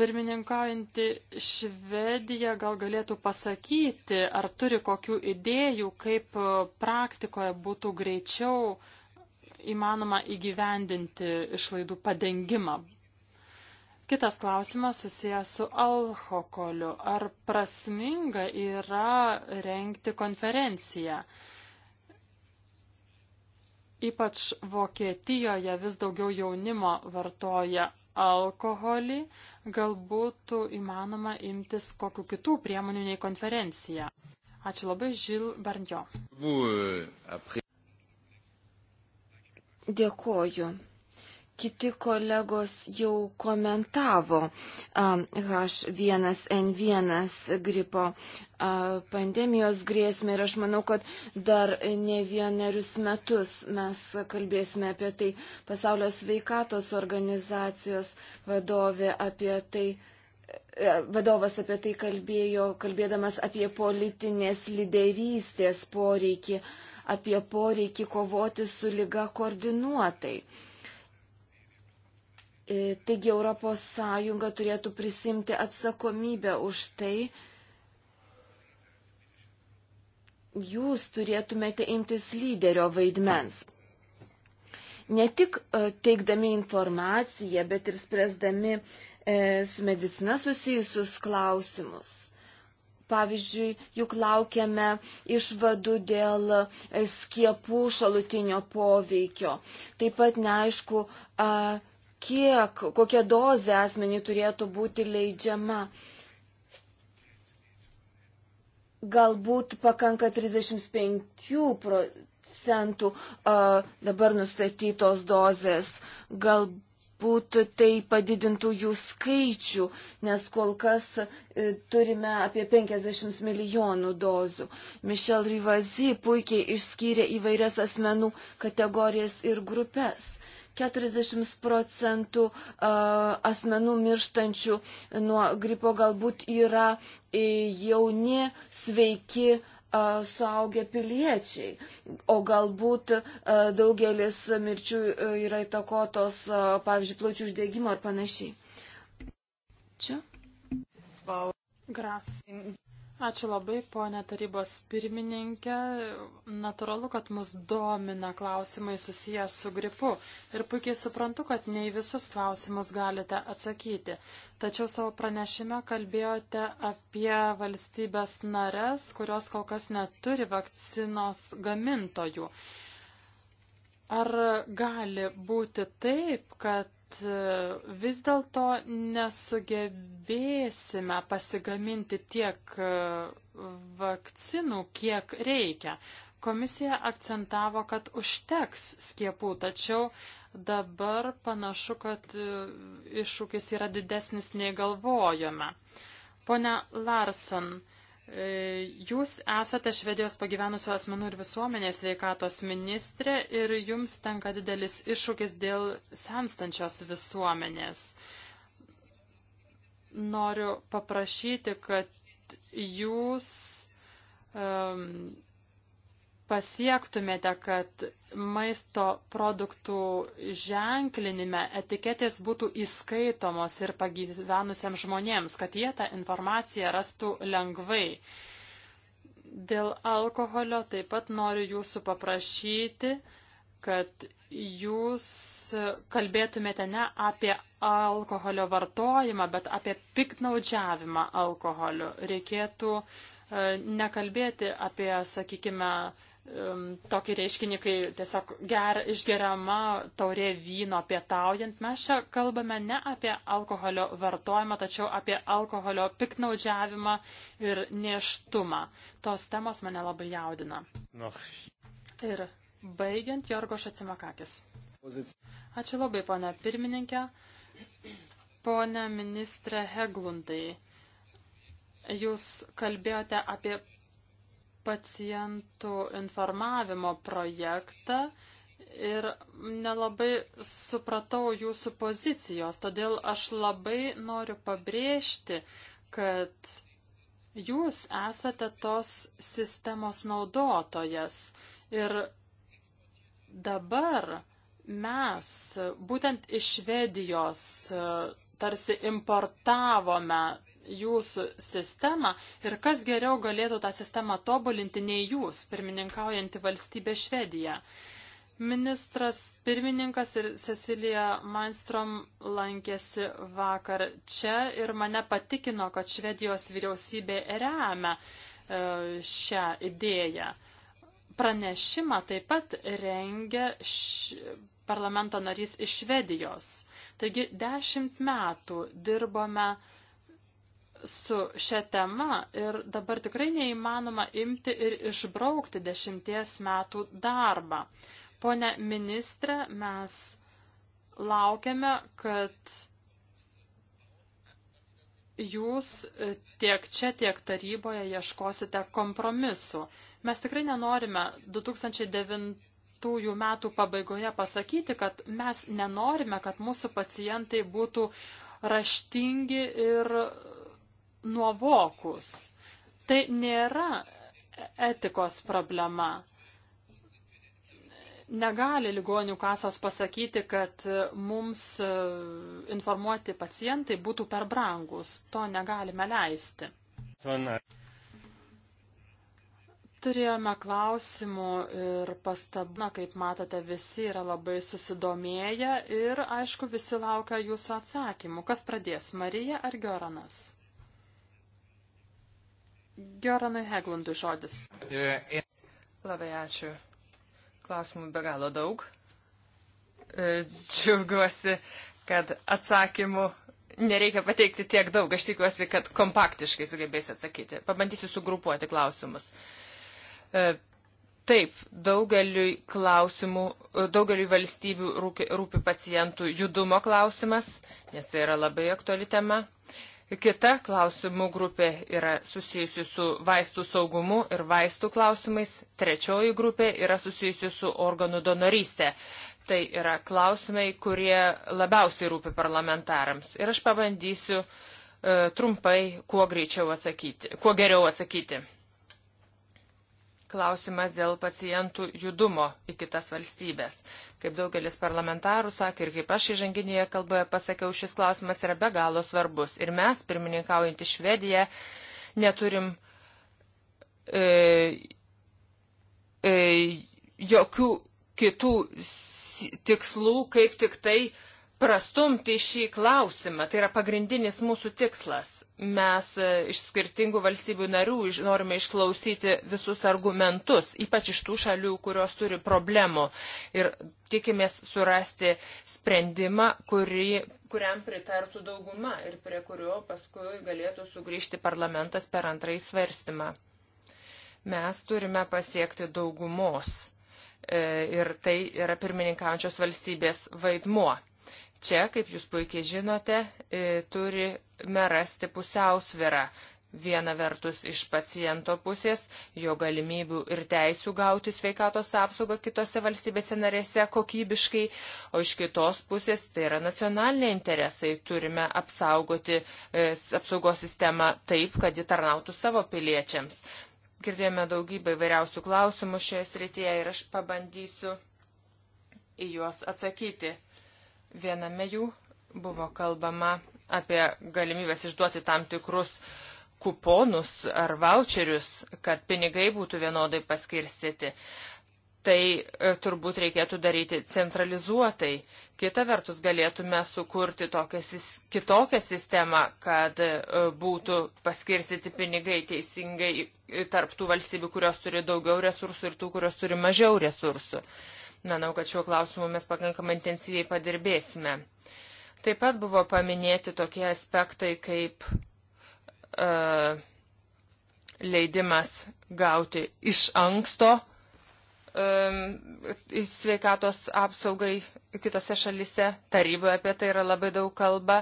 Pirmininkaujanti Švedija gal galėtų pasakyti, ar turi kokių idėjų, kaip praktikoje būtų greičiau įmanoma įgyvendinti išlaidų padengimą Kitas klausimas susijęs su alkoholiu. Ar prasminga yra rengti konferenciją? Ypač Vokietijoje vis daugiau jaunimo vartoja alkoholį. Galbūt įmanoma imtis kokiu kitų priemonių nei konferencija. Ačiū labai, Žil Barnjo. Dėkoju kiti kolegos jau komentavo H1N1 gripo pandemijos grėsmę ir aš manau, kad dar ne vienerius metus mes kalbėsime apie tai. Pasaulio sveikatos organizacijos vadovė apie tai. E, vadovas apie tai kalbėjo, kalbėdamas apie politinės lyderystės poreikį, apie poreikį kovoti su lyga koordinuotai. Uh, E, taigi ES turėtų prisimti atsakomybę už tai, jūs turėtumėte imtis lyderio vaidmens. Ne tik e, teikdami informaciją, bet ir spręsdami e, su medicina susijusius klausimus. Pavyzdžiui, juk laukiame išvadų dėl e, skiepų šalutinio poveikio. Taip pat neaišku, a, kiek, kokia dozė asmenį turėtų būti leidžiama. Galbūt pakanka 35 procentų uh, dabar nustatytos dozės. Galbūt tai padidintų jų skaičių, nes kol kas uh, turime apie 50 milijonų dozių. Mišel Rivazi puikiai išskyrė įvairias asmenų kategorijas ir grupės 40 procentų asmenų mirštančių nuo gripo galbūt yra e, jauni, sveiki suaugę piliečiai, o galbūt daugelis mirčių e, yra įtakotos, pavyzdžiui, plaučių uždegimo ar panašiai. Čia? Grasai. Ačiū labai, ponė tarybos pirmininkė. Natūralu, kad mus domina klausimai susijęs su gripu ir puikiai suprantu, kad ne į visus klausimus galite atsakyti. Tačiau savo pranešime kalbėjote apie valstybės nares, kurios kol kas neturi vakcinos gamintojų. Ar gali būti taip, kad E, vis dėlto nesugebėsime pasigaminti tiek e, vakcinų, kiek reikia. Komisija akcentavo, kad užteks skiepų, tačiau dabar panašu, kad e, iššūkis yra didesnis nei galvojame. Pone Larson, E, jūs esate Švedijos pagyvenusių asmenų ir visuomenės veikatos ministrė ir jums tenka didelis iššūkis dėl senstančios visuomenės. Noriu paprašyti, kad jūs um, pasiektumėte, kad maisto produktų ženklinime etiketės būtų įskaitomos ir pagyvenusiems žmonėms, kad jie tą informaciją rastų lengvai. Dėl alkoholio taip pat noriu jūsų paprašyti, kad jūs kalbėtumėte ne apie alkoholio vartojimą, bet apie piknaudžiavimą alkoholiu. Reikėtų e, nekalbėti apie, sakykime, Um, tokį reiškinį, kai tiesiog ger, išgeriama taurė vyno pietaujant. Mes čia kalbame ne apie alkoholio vartojimą, tačiau apie alkoholio piknaudžiavimą ir neštumą. Tos temos mane labai jaudina. No. Ir baigiant, Jorgo Šacimakakis. Ačiū labai, ponia pirmininkė. Pone ministrė Heglundai, jūs kalbėjote apie pacientų informavimo projektą ir nelabai supratau jūsų pozicijos, todėl aš labai noriu pabrėžti, kad jūs esate tos sistemos naudotojas ir dabar mes būtent iš Švedijos e, tarsi importavome jūsų sistemą ir kas geriau galėtų tą sistemą tobulinti nei jūs, pirmininkaujanti valstybė Švedija. Ministras pirmininkas ir Cecilija Manstrom lankėsi vakar čia ir mane patikino, kad Švedijos vyriausybė remia e, šią idėją. Pranešimą taip pat rengia š parlamento narys iš Švedijos. Taigi dešimt metų dirbome su šia tema ir dabar tikrai neįmanoma imti ir išbraukti dešimties metų darbą. Pone ministrė, mes laukiame, kad jūs tiek čia, tiek taryboje ieškosite kompromisu. Mes tikrai nenorime 2009 metų pabaigoje pasakyti, kad mes nenorime, kad mūsų pacientai būtų raštingi ir nuovokus. Tai nėra etikos problema. Negali ligonių kasos pasakyti, kad mums e, informuoti pacientai būtų per brangus. To negalime leisti. Turėjome klausimų ir pastabų, kaip matote, visi yra labai susidomėję ir, aišku, visi laukia jūsų atsakymų. Kas pradės, Marija ar Gioranas? Geronai Heglundui žodis. Labai ačiū. Klausimų be galo daug. E, džiaugiuosi, kad atsakymų nereikia pateikti tiek daug. Aš tikiuosi, kad kompaktiškai sugebėsi atsakyti. Pabandysiu sugrupuoti klausimus. E, taip, daugeliu klausimų, e, daugeliu valstybių rūpi pacientų judumo klausimas, nes tai yra labai aktuali tema. Kita klausimų grupė yra susijusi su vaistų saugumu ir vaistų klausimais. Trečioji grupė yra susijusi su organų donorystė. Tai yra klausimai, kurie labiausiai rūpi parlamentarams. Ir aš pabandysiu e, trumpai, kuo greičiau atsakyti, kuo geriau atsakyti klausimas dėl pacientų judumo į kitas valstybės. Kaip daugelis parlamentarų sakė ir kaip aš įžanginėje kalboje pasakiau, šis klausimas yra be galo svarbus. Ir mes, pirmininkaujantį Švediją, neturim e, e, jokių kitų tikslų, kaip tik tai prastumti šį klausimą. Tai yra pagrindinis mūsų tikslas. Mes e, iš skirtingų valstybių narių norime išklausyti visus argumentus, ypač iš tų šalių, kurios turi problemų. Ir tikimės surasti sprendimą, kuri, kuriam pritartų dauguma ir prie kurio paskui galėtų sugrįžti parlamentas per antrąjį svarstymą. Mes turime pasiekti daugumos. E, ir tai yra pirmininkaujančios valstybės vaidmuo Čia, kaip jūs puikiai žinote, e, turime rasti pusiausvirą. Viena vertus iš paciento pusės, jo galimybių ir teisų gauti sveikatos apsaugą kitose valstybėse narėse kokybiškai, o iš kitos pusės tai yra nacionaliniai interesai. Turime apsaugoti e, apsaugos sistemą taip, kad ji tarnautų savo piliečiams. Girdėjome daugybę įvairiausių klausimų šioje srityje ir aš pabandysiu į juos atsakyti. Viename jų buvo kalbama apie galimybės išduoti tam tikrus kuponus ar voucherius, kad pinigai būtų vienodai paskirstyti tai e, turbūt reikėtų daryti centralizuotai. Kita vertus, galėtume sukurti tokią, kitokią sistemą, kad e, būtų paskirstyti pinigai teisingai tarp tų valstybių, kurios turi daugiau resursų ir tų, kurios turi mažiau resursų. Uh, Manau, kad šiuo klausimu mes pakankamai intensyviai padirbėsime. Taip pat buvo paminėti tokie aspektai kaip e, leidimas gauti iš anksto e, sveikatos apsaugai kitose šalise. Taryboje apie tai yra labai daug kalba,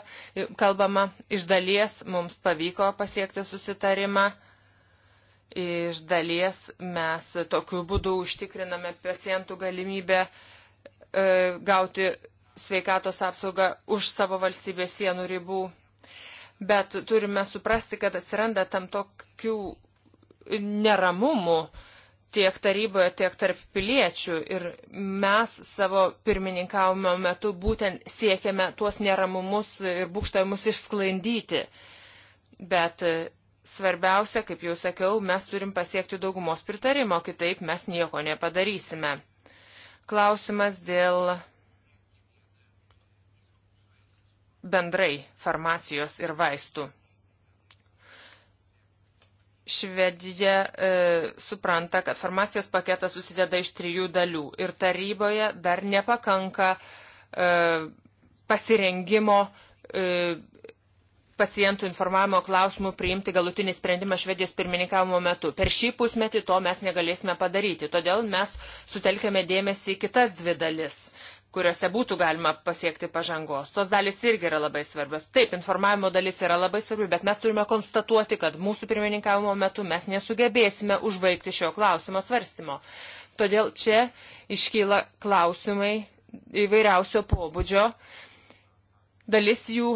kalbama. Iš dalies mums pavyko pasiekti susitarimą. E, Iš dalies mes tokiu būdu užtikriname pacientų galimybę e, gauti sveikatos apsaugą už savo valstybės sienų ribų. Bet turime suprasti, kad atsiranda tam tokių neramumų, tiek taryboje, tiek tarp piliečių. Ir mes savo pirmininkavimo metu būtent siekiame tuos neramumus ir būkštavimus išsklaidyti. Bet e, svarbiausia, kaip jau sakiau, mes turim pasiekti daugumos pritarimo, kitaip mes nieko nepadarysime. Klausimas dėl bendrai farmacijos ir vaistų. Švedija e, supranta, kad farmacijos paketas susideda iš trijų dalių ir taryboje dar nepakanka e, pasirengimo e, pacientų informavimo klausimų priimti galutinį sprendimą Švedijos pirmininkavimo metu. Per šį pusmetį to mes negalėsime padaryti, todėl mes sutelkėme dėmesį į kitas dvi dalis kuriuose būtų galima pasiekti pažangos. Tos dalis irgi yra labai svarbios. Taip, informavimo dalis yra labai svarbi, bet mes turime konstatuoti, kad mūsų pirmininkavimo metu mes nesugebėsime užbaigti šio klausimo svarstymo. Todėl čia iškyla klausimai įvairiausio pobūdžio. Dalis jų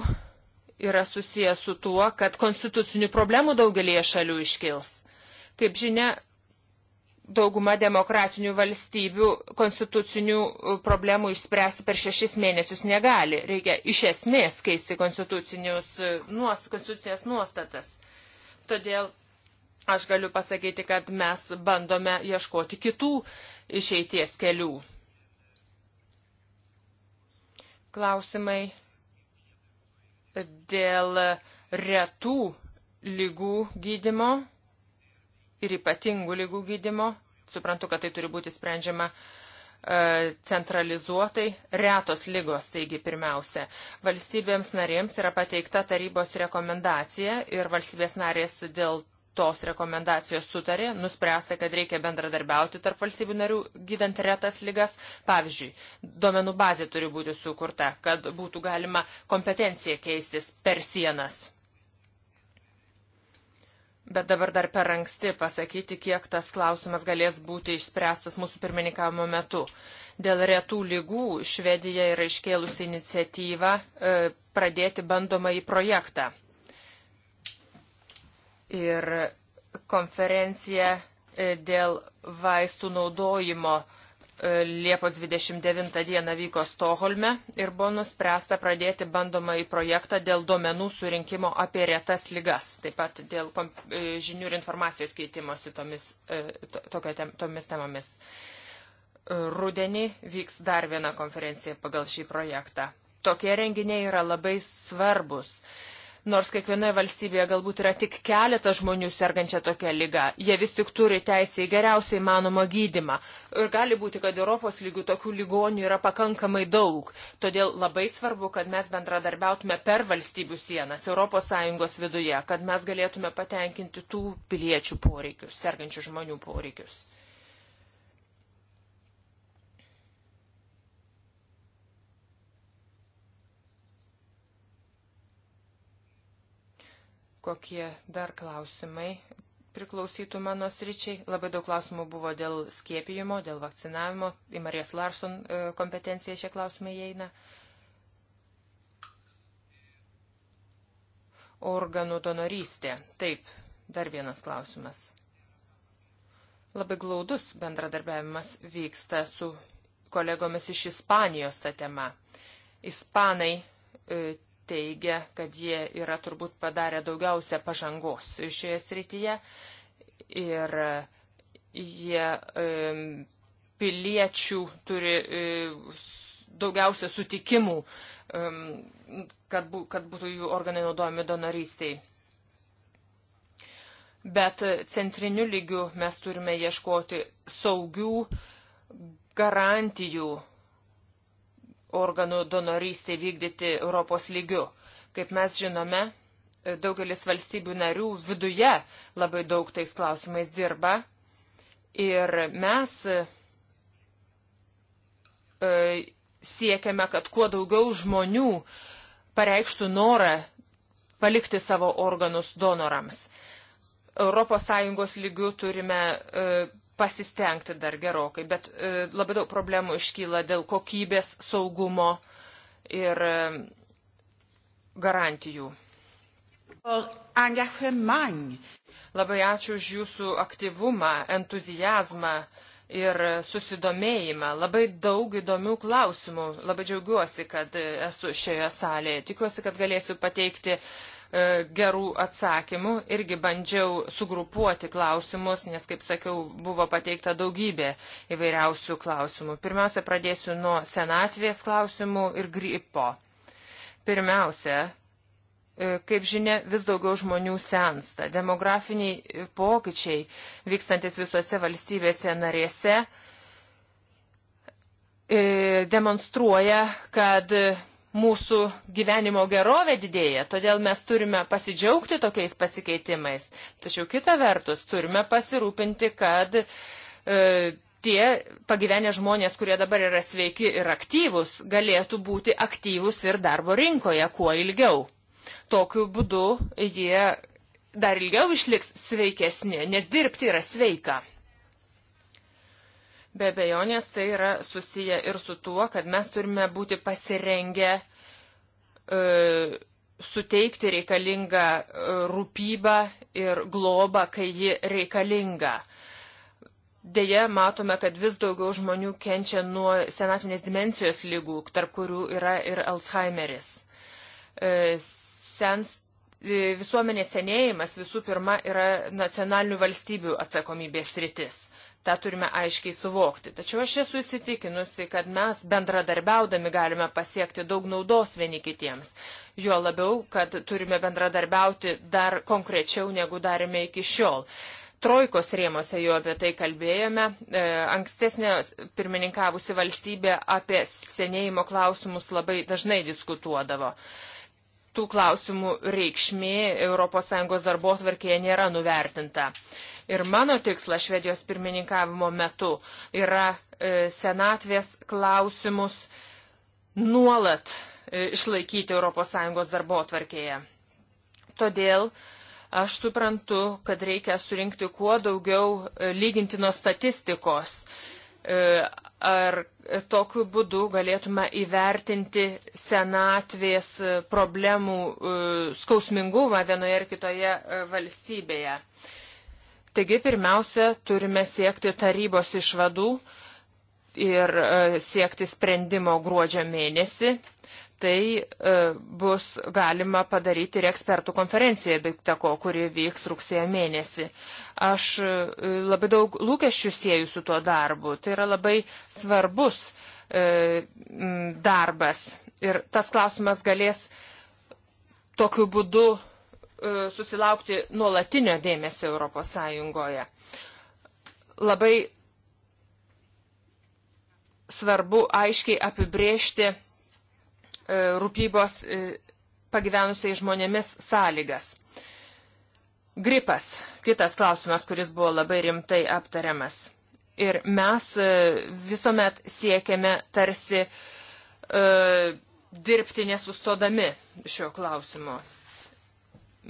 yra susijęs su tuo, kad konstitucinių problemų daugelie šalių iškils. Kaip žinia, dauguma demokratinių valstybių konstitucinių e, problemų išspręsti per šešis mėnesius negali. Reikia iš esmės keisti e, nuos, konstitucinės nuostatas. Todėl aš galiu pasakyti, kad mes bandome ieškoti kitų išeities kelių. Klausimai dėl retų lygų gydimo ir ypatingų lygų gydimo. Suprantu, kad tai turi būti sprendžiama e, centralizuotai retos lygos, taigi pirmiausia. Valstybėms narėms yra pateikta tarybos rekomendacija ir valstybės narės dėl tos rekomendacijos sutarė, nuspręsta, kad reikia bendradarbiauti tarp valstybių narių gydant retas lygas. Pavyzdžiui, duomenų bazė turi būti sukurta, kad būtų galima kompetencija keistis per sienas. Bet dabar dar per anksti pasakyti, kiek tas klausimas galės būti išspręstas mūsų pirmininkavimo metu. Dėl retų lygų Švedija yra iškėlusi iniciatyvą e, pradėti bandomąjį projektą ir konferencija e, dėl vaistų naudojimo e, Liepos 29 dieną vyko Stoholme ir buvo nuspręsta pradėti bandomąjį projektą dėl duomenų surinkimo apie retas lygas, taip pat dėl e, žinių ir informacijos keitimosi tomis, tomis temomis. Rudenį vyks dar viena konferencija pagal šį projektą. Tokie renginiai yra labai svarbus Nors kiekvienoje valstybėje galbūt yra tik keletas žmonių sergančia tokia lyga, jie vis tik turi teisę į geriausiai manomą gydimą. Ir gali būti, kad Europos lygių tokių ligonių yra pakankamai daug. Todėl labai svarbu, kad mes bendradarbiautume per valstybių sienas ES viduje, kad mes galėtume patenkinti tų piliečių poreikius, sergančių žmonių poreikius. kokie dar klausimai priklausytų mano sričiai. Labai daug klausimų buvo dėl skiepijimo, dėl vakcinavimo. Į Marijos Larson e, kompetenciją šie klausimai įeina. Organų donorystė. Taip, dar vienas klausimas. Labai glaudus bendradarbiavimas vyksta su kolegomis iš Ispanijos tą temą. Ispanai e, teigia, kad jie yra turbūt padarę daugiausia pažangos šioje srityje ir jie e, piliečių turi e, daugiausia sutikimų, e, kad, bu, kad būtų jų organai naudojami donorystiai. Bet centriniu lygiu mes turime ieškoti saugių garantijų organų donorystė vykdyti Europos lygiu. Kaip mes žinome, daugelis valstybių narių viduje labai daug tais klausimais dirba. Ir mes e, siekiame, kad kuo daugiau žmonių pareikštų norą palikti savo organus donorams. ES lygių turime e, pasistengti dar gerokai, bet e, labai daug problemų iškyla dėl kokybės, saugumo ir e, garantijų. Labai ačiū už jūsų aktyvumą, entuzijazmą. E, ir susidomėjimą. Labai daug įdomių klausimų. Labai džiaugiuosi, kad esu šioje salėje. Tikiuosi, kad galėsiu pateikti e, gerų atsakymų. Irgi bandžiau sugrupuoti klausimus, nes, kaip sakiau, buvo pateikta daugybė įvairiausių klausimų. Pirmiausia, pradėsiu nuo senatvės klausimų ir gripo. Pirmiausia, E, kaip žinia, vis daugiau žmonių sensta. Demografiniai e, pokyčiai vykstantis visose valstybėse narėse e, demonstruoja, kad mūsų gyvenimo gerovė didėja, todėl mes turime pasidžiaugti tokiais pasikeitimais. Tačiau kita vertus, turime pasirūpinti, kad e, tie pagyvenę žmonės, kurie dabar yra sveiki ir aktyvūs, galėtų būti aktyvūs ir darbo rinkoje kuo ilgiau. Tokiu būdu jie dar ilgiau išliks sveikesni, nes dirbti yra sveika. Be bejonės tai yra susiję ir su tuo, kad mes turime būti pasirengę e, suteikti reikalingą e, rūpybą ir globą, kai ji reikalinga. Deja, matome, kad vis daugiau žmonių kenčia nuo senatvinės dimensijos lygų, tarp kurių yra ir Alzheimeris. E, sens, e, visuomenės senėjimas visų pirma yra nacionalinių valstybių atsakomybės rytis. Ta turime aiškiai suvokti. Tačiau aš esu įsitikinusi, kad mes bendradarbiaudami galime pasiekti daug naudos vieni kitiems. Jo labiau, kad turime bendradarbiauti dar konkrečiau, negu darėme iki šiol. Trojkos rėmose jau apie tai kalbėjome. E, ankstesnė pirmininkavusi valstybė apie senėjimo klausimus labai dažnai diskutuodavo tų klausimų reikšmė ES darbo tvarkėje nėra nuvertinta. Ir mano tikslas Švedijos pirmininkavimo metu yra e, senatvės klausimus nuolat e, išlaikyti ES darbo tvarkėje. Todėl aš suprantu, kad reikia surinkti kuo daugiau e, lygintino statistikos ar tokiu būdu galėtume įvertinti senatvės problemų e, skausmingumą vienoje ar kitoje e, valstybėje. Taigi pirmiausia, turime siekti tarybos išvadų ir e, siekti sprendimo gruodžio mėnesį tai e, bus galima padaryti ir ekspertų konferencijoje, bet tako, kuri vyks rugsėjo mėnesį. Aš e, labai daug lūkesčių sieju su tuo darbu. Tai yra labai svarbus e, darbas. Ir tas klausimas galės tokiu būdu susilaukti nuolatinio dėmesio Europos Sąjungoje. Labai svarbu aiškiai apibriežti E, rūpybos e, pagyvenusiai žmonėmis sąlygas. Gripas - kitas klausimas, kuris buvo labai rimtai aptariamas. Ir mes e, visuomet siekiame tarsi e, dirbti nesustodami šio klausimo.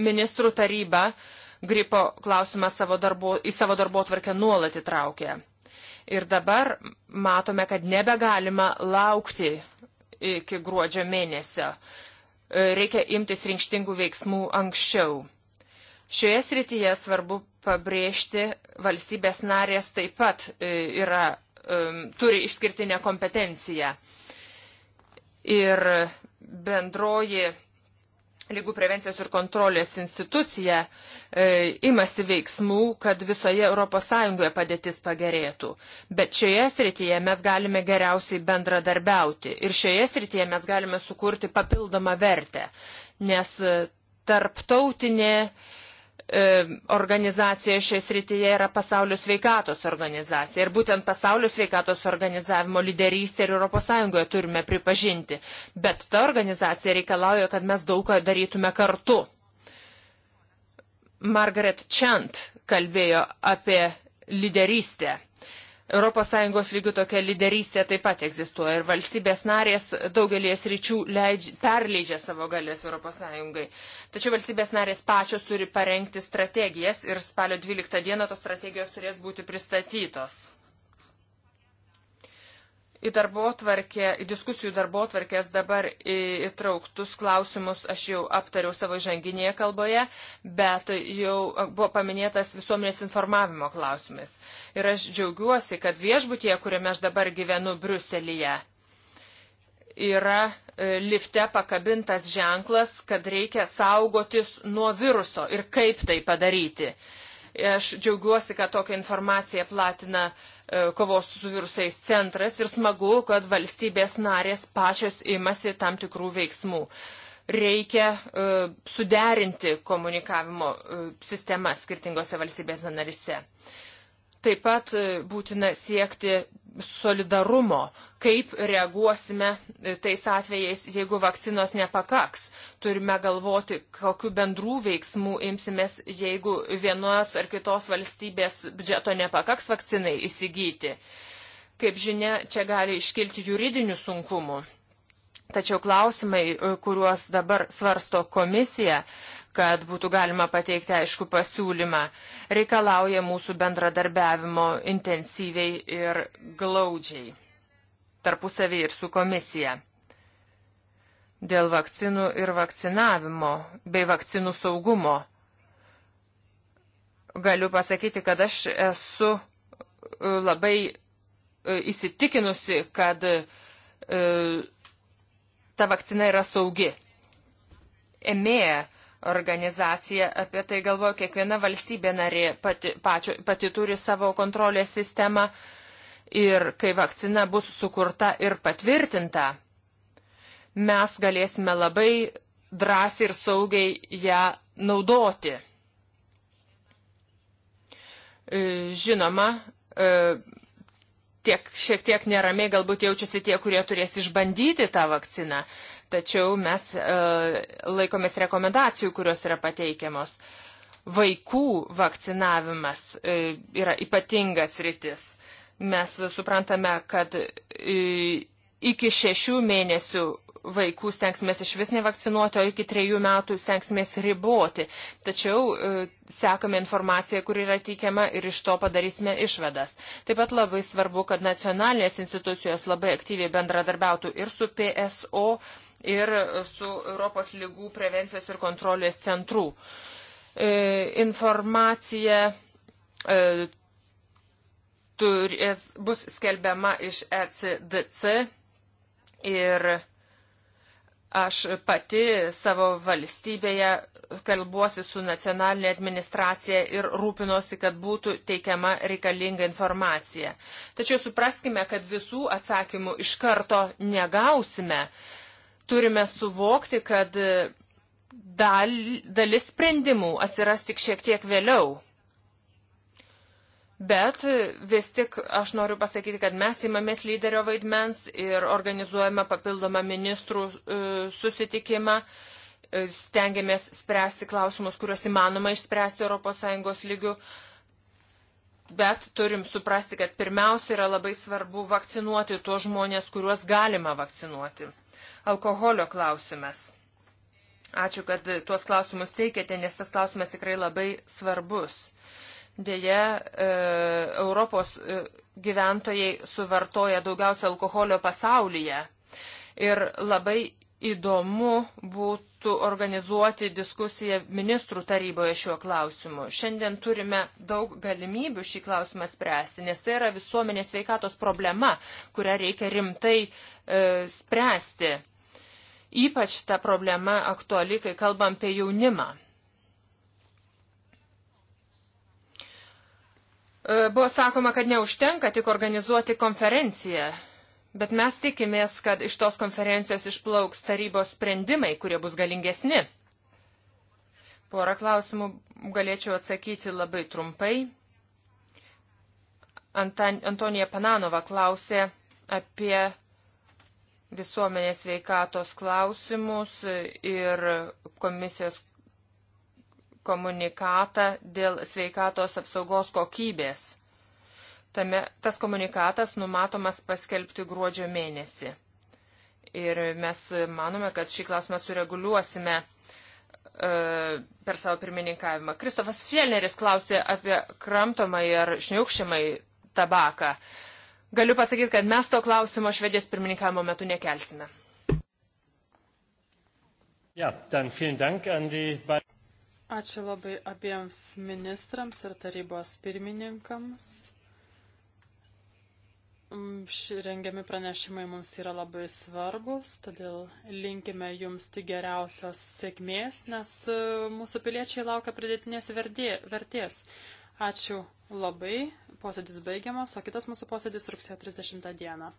Ministrų taryba gripo klausimą savo darbo, į savo darbo tvarkę nuolat įtraukė. Ir dabar matome, kad nebegalima laukti iki gruodžio mėnesio. E, Reikia imtis rinkštingų veiksmų anksčiau. Šioje srityje svarbu pabrėžti, valstybės narės taip pat e, yra, e, turi išskirtinę kompetenciją. Ir bendroji lygų prevencijos ir kontrolės institucija e, imasi veiksmų, kad visoje ES padėtis pagerėtų. Bet šioje srityje mes galime geriausiai bendradarbiauti ir šioje srityje mes galime sukurti papildomą vertę, nes e, tarptautinė e, E, organizacija šioje srityje yra pasaulio sveikatos organizacija. Ir būtent pasaulio sveikatos organizavimo lyderystę ir ES turime pripažinti. Bet ta organizacija reikalauja, kad mes daug ką darytume kartu. Margaret Chant kalbėjo apie lyderystę ES lygių tokia lyderystė taip pat egzistuoja ir valstybės narės daugelie sričių leidž, perleidžia savo galės ES. Tačiau valstybės narės pačios turi parengti strategijas ir spalio 12 dieną tos strategijos turės būti pristatytos į darbo tvarkę, į diskusijų darbo tvarkės dabar įtrauktus klausimus aš jau aptariau savo žanginėje kalboje, bet jau buvo paminėtas visuomenės informavimo klausimas. Ir aš džiaugiuosi, kad viešbutyje, kuriame aš dabar gyvenu Briuselyje, yra e, lifte pakabintas ženklas, kad reikia saugotis nuo viruso ir kaip tai padaryti. Aš džiaugiuosi, kad tokią informaciją platina e, kovos su virusais centras ir smagu, kad valstybės narės pačios imasi tam tikrų veiksmų. Reikia uh, suderinti komunikavimo uh, sistemas skirtingose valstybės narise. Uh, Taip pat e, būtina siekti solidarumo, kaip reaguosime e, tais atvejais, jeigu vakcinos nepakaks. Turime galvoti, kokiu bendrų veiksmų imsimės, jeigu vienos ar kitos valstybės biudžeto nepakaks vakcinai įsigyti. Kaip žinia, čia gali iškilti juridinių sunkumų. Tačiau klausimai, e, kuriuos dabar svarsto komisija, kad būtų galima pateikti aišku pasiūlymą, reikalauja mūsų bendradarbiavimo intensyviai ir glaudžiai tarpusavį ir su komisija. Dėl vakcinų ir vakcinavimo bei vakcinų saugumo galiu pasakyti, kad aš esu e, labai e, įsitikinusi, kad ta vakcina yra saugi. EMEA organizacija apie tai galvoja, kiekviena valstybė narė pati, pačio, pati turi savo kontrolės sistemą ir kai vakcina bus sukurta ir patvirtinta, mes galėsime labai drąsiai ir saugiai ją naudoti. E, žinoma, e, tiek šiek tiek neramiai galbūt jaučiasi tie, kurie turės išbandyti tą vakciną. Tačiau mes e, laikomės rekomendacijų, kurios yra pateikiamos. Vaikų vakcinavimas e, yra ypatingas rytis. Mes suprantame, kad e, iki šešių mėnesių vaikų stengsimės iš vis nevakcinuoti, o iki trejų metų stengsimės riboti. Tačiau e, sekame informaciją, kuri yra teikiama ir iš to padarysime išvadas. Taip pat labai svarbu, kad nacionalinės institucijos labai aktyviai bendradarbiautų ir su PSO, ir su Europos lygų prevencijos ir kontrolės centrų. E, informacija e, turės, bus skelbiama iš ECDC ir Aš pati savo valstybėje kalbuosi su nacionalinė administracija ir rūpinosi, kad būtų teikiama reikalinga informacija. Tačiau supraskime, kad visų atsakymų iš karto negausime. Turime suvokti, kad dal, dalis sprendimų atsiras tik šiek tiek vėliau. Bet e, vis tik aš noriu pasakyti, kad mes įmamės lyderio vaidmens ir organizuojame papildomą ministrų e, susitikimą, e, stengiamės spręsti klausimus, kuriuos įmanoma išspręsti ES lygių. Bet turim suprasti, kad pirmiausia yra labai svarbu vakcinuoti tuos žmonės, kuriuos galima vakcinuoti. Alkoholio klausimas. Ačiū, kad tuos klausimus teikėte, nes tas klausimas tikrai labai svarbus Deja, e, Europos e, gyventojai suvartoja daugiausia alkoholio pasaulyje. Ir labai įdomu būtų organizuoti diskusiją ministrų taryboje šiuo klausimu. Šiandien turime daug galimybių šį klausimą spręsti, nes tai yra visuomenės veikatos problema, kurią reikia rimtai e, spręsti. Ypač ta problema aktuali, kai kalbam apie jaunimą. E, buvo sakoma, kad neužtenka tik organizuoti konferenciją, bet mes tikimės, kad iš tos konferencijos išplauks tarybos sprendimai, kurie bus galingesni. Porą klausimų galėčiau atsakyti labai trumpai. Antan, Antonija Pananova klausė apie visuomenės veikatos klausimus ir komisijos komunikatą dėl sveikatos apsaugos kokybės. Tame, tas komunikatas numatomas paskelbti gruodžio mėnesį. Ir mes manome, kad šį klausimą sureguliuosime e, per savo pirmininkavimą. Kristofas Fielneris klausė apie kramtomai ar šniukščiamai tabaką. Galiu pasakyti, kad mes to klausimo švedės pirmininkavimo metu nekelsime. Ja, dann vielen Dank an die beiden. Ačiū labai abiems ministrams ir tarybos pirmininkams. Mm, ši rengiami pranešimai mums yra labai svarbus, todėl linkime jums tik geriausios sėkmės, nes e, mūsų piliečiai laukia pridėtinės verdė, vertės. Ačiū labai, posėdis baigiamas, o kitas mūsų posėdis rugsėjo 30 dieną.